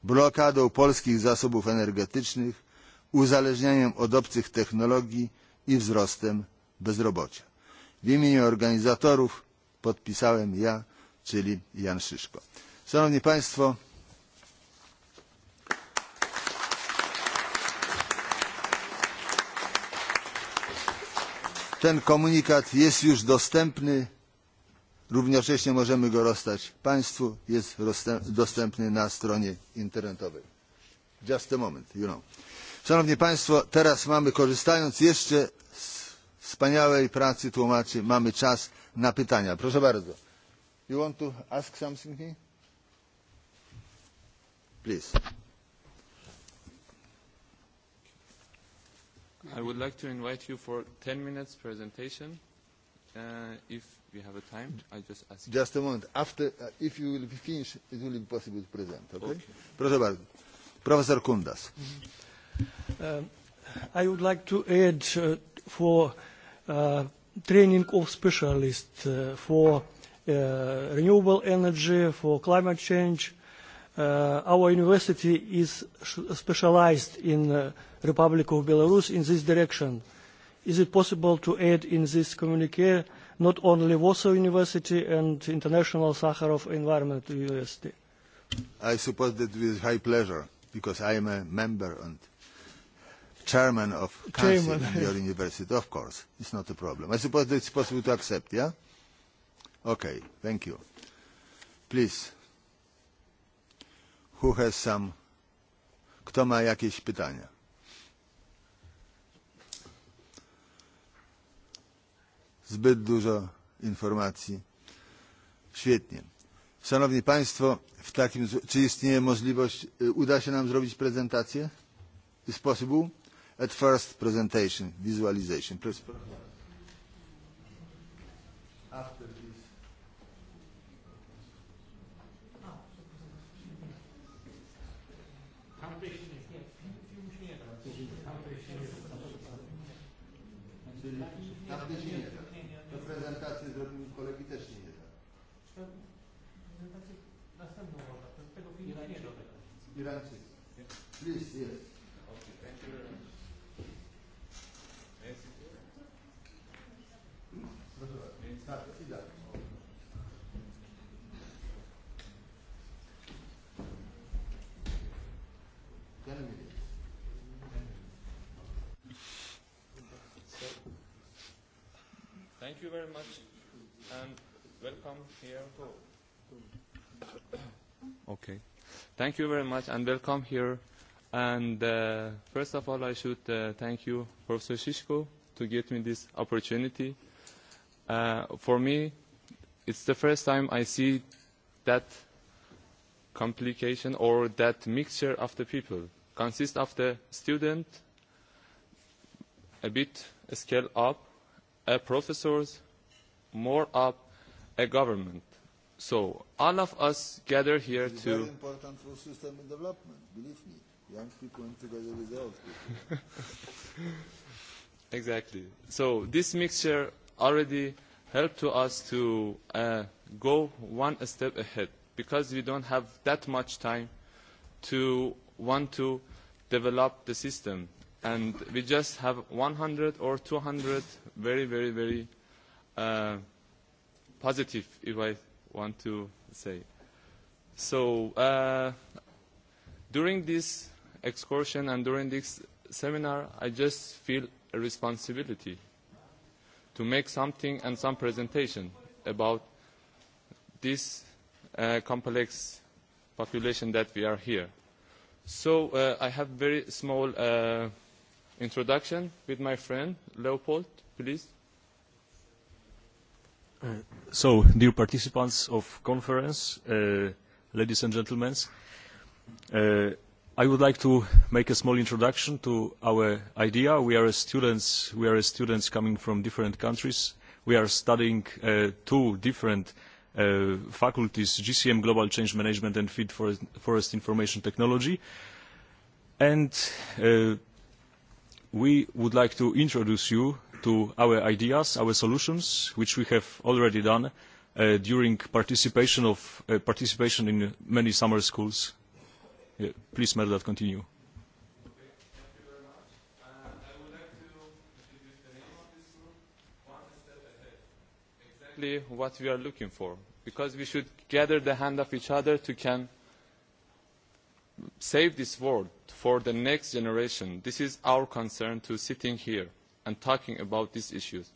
blokadą polskich zasobów energetycznych, uzależnianiem od obcych technologii i wzrostem bezrobocia. W imieniu organizatorów podpisałem ja, czyli Jan Szyszko. Szanowni Państwo, ten komunikat jest już dostępny równocześnie możemy go rozstać państwu jest dostępny na stronie internetowej. just a moment you know. szanowni państwo teraz mamy korzystając jeszcze wspaniałej pracy tłumaczy. Mamy czas na pytania. Proszę bardzo. You want to ask something me? Please. I would like to invite you for 10 minutes presentation. Uh, if we have a time, I just ask. You. Just a moment. After, uh, if you will be finished, it will be possible to present. Okay? okay. Proszę bardzo. Professor Kundas. Mm -hmm. um, I would like to add uh, for Uh, training of specialists uh, for uh, renewable energy, for climate change. our university is specialized in the Republic of Belarus in this direction. Is it possible to add in this communique not only Warsaw University and International Sakharov Environment University? I suppose that with high pleasure, because I am a member and chairman of council chairman. in your university, of course. It's not a problem. I suppose it's possible to accept, yeah? Okay, thank you. Please. Who has some... Kto ma jakieś pytania? Zbyt dużo informacji. Świetnie. Szanowni Państwo, w takim, czy istnieje możliwość, uda się nam zrobić prezentację? Is possible? at first presentation, visualization. Please. After this. Tamtej się nie da. Do prezentacji zrobili Please, yes. you very much and welcome here. Okay. Thank you very much and welcome here. And uh, first of all, I should uh, thank you, Professor Shishko, to give me this opportunity. Uh, for me, it's the first time I see that complication or that mixture of the people consists of the student a bit scale up a professors, more up a government. So all of us gather here it is to. Very important for system development, believe me. Young people and together with old people. exactly. So this mixture already helped to us to uh, go one step ahead because we don't have that much time to want to develop the system and we just have 100 or 200 very, very, very uh, positive, if I want to say. So uh, during this excursion and during this seminar, I just feel a responsibility to make something and some presentation about this uh, complex population that we are here. So uh, I have very small uh, introduction with my friend Leopold please. Uh, so, dear participants of conference, uh, ladies and gentlemen, uh, I would like to make a small introduction to our idea. We are students. We are students coming from different countries. We are studying uh, two different uh, faculties: GCM Global Change Management and Feed Forest, Forest Information Technology. And uh, we would like to introduce you to our ideas, our solutions, which we have already done uh, during uh, participation, in many summer schools. Please, please, Medlet, continue. exactly what we are looking for because we should gather the hand of each other to can save this world for the next generation. This is our concern to sitting here and talking about these issues.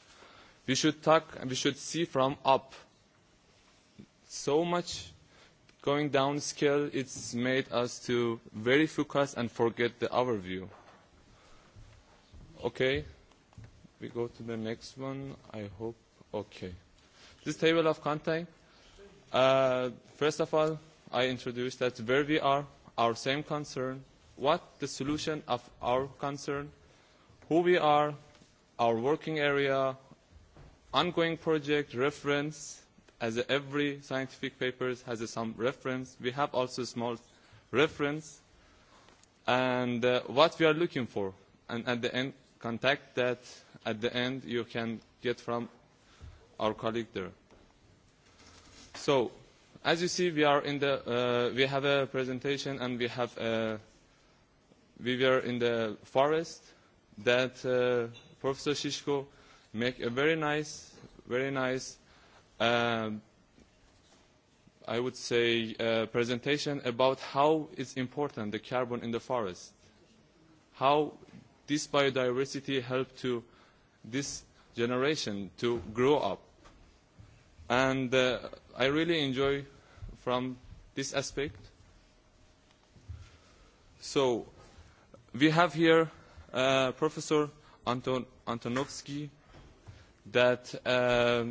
We should talk and we should see from up. So much going down scale, it's made us to very focus and forget the overview. Okay, we go to the next one. I hope, okay. This table of content, uh, first of all, I introduced that where we are, our same concern, what the solution of our concern, who we are, our working area, ongoing project, reference, as every scientific paper has a, some reference. We have also small reference. And uh, what we are looking for. And at the end, contact that at the end you can get from our colleague there. So, as you see, we are in the, uh, we have a presentation and we have, a, we were in the forest that uh, Professor Shishko make a very nice, very nice, uh, I would say, uh, presentation about how it's important the carbon in the forest, how this biodiversity helped to this generation to grow up. And uh, I really enjoy from this aspect. So we have here uh, Professor Anton Antonovsky that uh,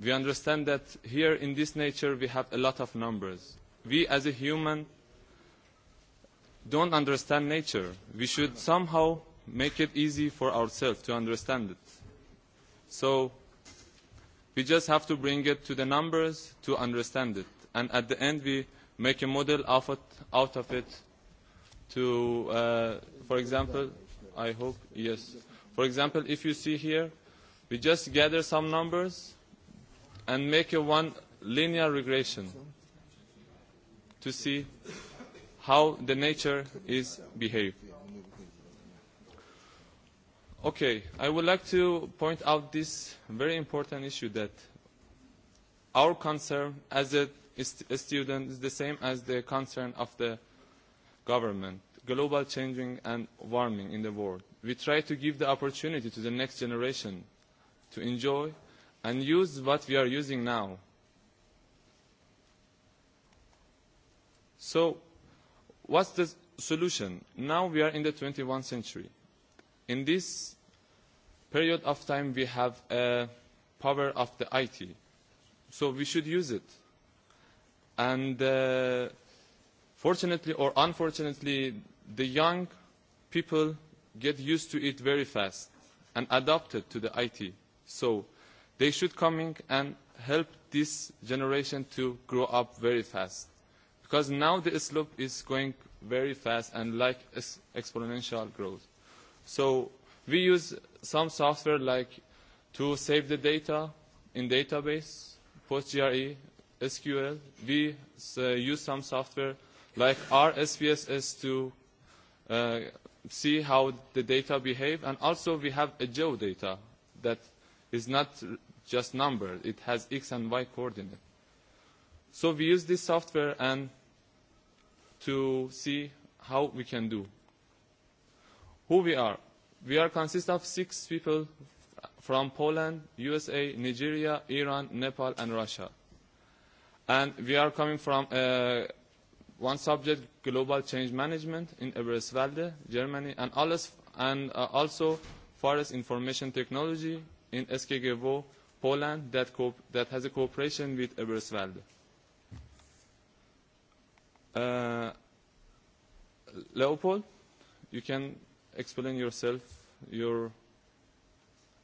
we understand that here in this nature we have a lot of numbers. We as a human don't understand nature. We should somehow make it easy for ourselves to understand it. So we just have to bring it to the numbers to understand it. And at the end we make a model of it, out of it to, uh, for example, I hope, yes. For example, if you see here, we just gather some numbers and make a one linear regression to see how the nature is behave. Okay, I would like to point out this very important issue that our concern as a, a student is the same as the concern of the government, global changing and warming in the world we try to give the opportunity to the next generation to enjoy and use what we are using now. So what's the solution? Now we are in the 21st century. In this period of time, we have a power of the IT. So we should use it. And uh, fortunately or unfortunately, the young people get used to it very fast and adapt to the IT. So they should come in and help this generation to grow up very fast. Because now the slope is going very fast and like exponential growth. So we use some software like to save the data in database, PostGRE, SQL. We uh, use some software like RSVSS to uh, see how the data behave. And also we have a geodata that is not just numbers. It has X and Y coordinate. So we use this software and to see how we can do. Who we are? We are consist of six people from Poland, USA, Nigeria, Iran, Nepal, and Russia. And we are coming from a uh, One subject, global change management in Eberswalde, Germany, and, others, and uh, also forest information technology in SKGVO, Poland, that, co that has a cooperation with Eberswalde. Uh, Leopold, you can explain yourself. Your,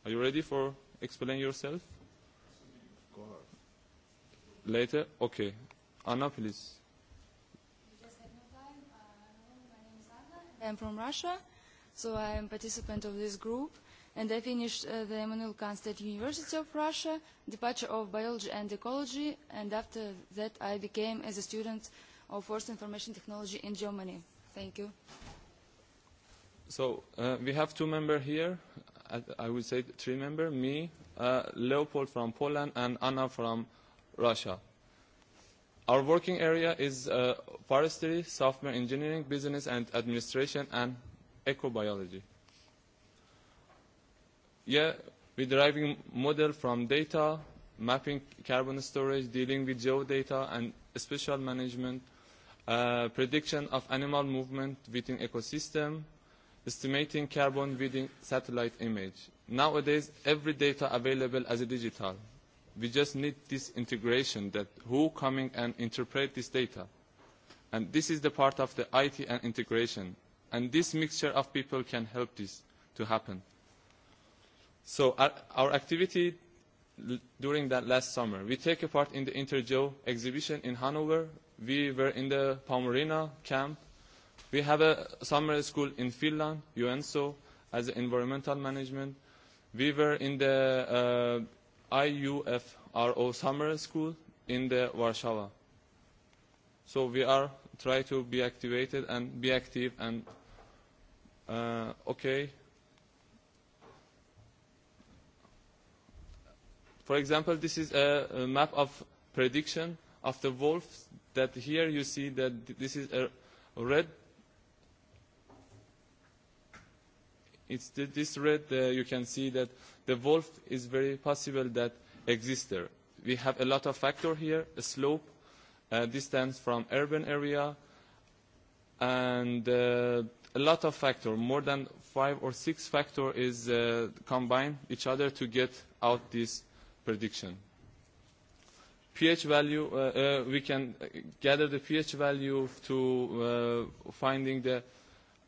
are you ready for explain yourself? Later? Okay. Anna, please. I'm from Russia, so I am participant of this group, and I finished uh, the Emanuel Kant State University of Russia, departure of biology and ecology, and after that I became as a student of forced information technology in Germany. Thank you. So uh, we have two members here. I, I would say three members, me, uh, Leopold from Poland, and Anna from Russia. Our working area is uh, forestry, software engineering, business and administration, and ecobiology. Yeah, we're deriving model from data, mapping carbon storage, dealing with geodata and spatial management, uh, prediction of animal movement within ecosystem, estimating carbon within satellite image. Nowadays, every data available as a digital we just need this integration that who coming and interpret this data and this is the part of the IT and integration and this mixture of people can help this to happen so our, our activity during that last summer we take a part in the intergeo exhibition in hanover we were in the Pomerina camp we have a summer school in finland uenso as environmental management we were in the uh, IUFRO summer school in the Warsaw. So we are try to be activated and be active and uh, okay. For example, this is a, a map of prediction of the wolves that here you see that this is a red It's the, this red, uh, you can see that the wolf is very possible that exists there. We have a lot of factor here, a slope, uh, distance from urban area, and uh, a lot of factor, more than five or six factor is uh, combined each other to get out this prediction. pH value, uh, uh, we can gather the pH value to uh, finding the uh,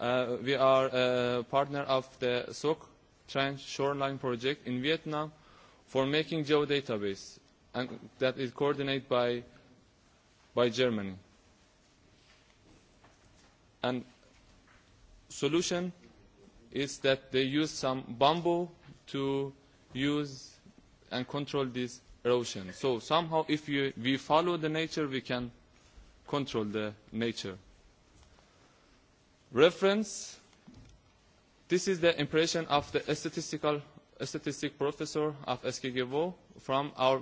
Uh, we are a uh, partner of the Sok Trench Shoreline Project in Vietnam for making geodatabase, and that is coordinated by, by Germany. And solution is that they use some bamboo to use and control this erosion. So somehow if you, we follow the nature, we can control the nature reference this is the impression of the statistical statistic professor of SKGVO from our,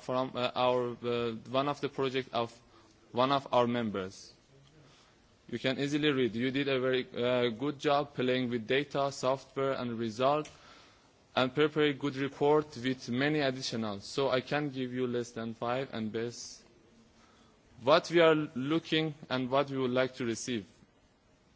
from uh, our uh, one of the project of one of our members you can easily read you did a very uh, good job playing with data software and result and prepare a good report with many additionals so i can give you less than five and best what we are looking and what we would like to receive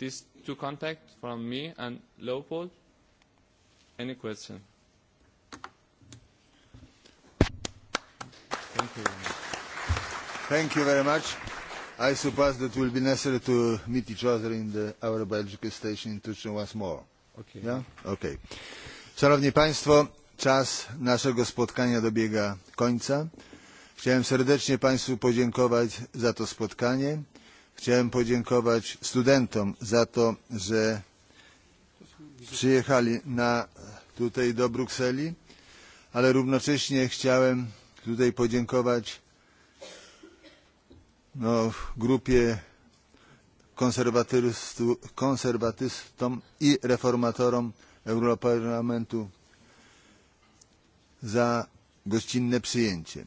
these two contacts from me and Leopold. Any question? Thank you. Thank you very much. I suppose that will be necessary to meet each other in the, our biological station in Tucson once more. Okay. Yeah? Okay. Szanowni Państwo, czas naszego spotkania dobiega końca. Chciałem serdecznie Państwu podziękować za to spotkanie Chciałem podziękować studentom za to, że przyjechali na, tutaj do Brukseli, ale równocześnie chciałem tutaj podziękować no, grupie konserwatystom i reformatorom Europarlamentu za gościnne przyjęcie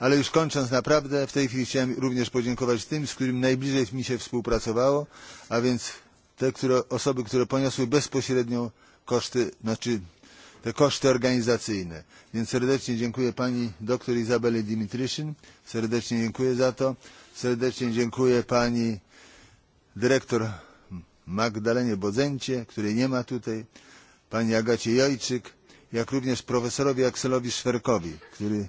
ale już kończąc naprawdę w tej chwili chciałem również podziękować tym z którymi najbliżej mi się współpracowało a więc te które, osoby które poniosły bezpośrednio koszty znaczy te koszty organizacyjne. Więc serdecznie dziękuję pani dr Izabeli Dimitriszyn, serdecznie dziękuję za to, serdecznie dziękuję pani dyrektor Magdalenie Bodzencie, której nie ma tutaj, pani Agacie Jojczyk, jak również profesorowi axelowi Szwerkowi, który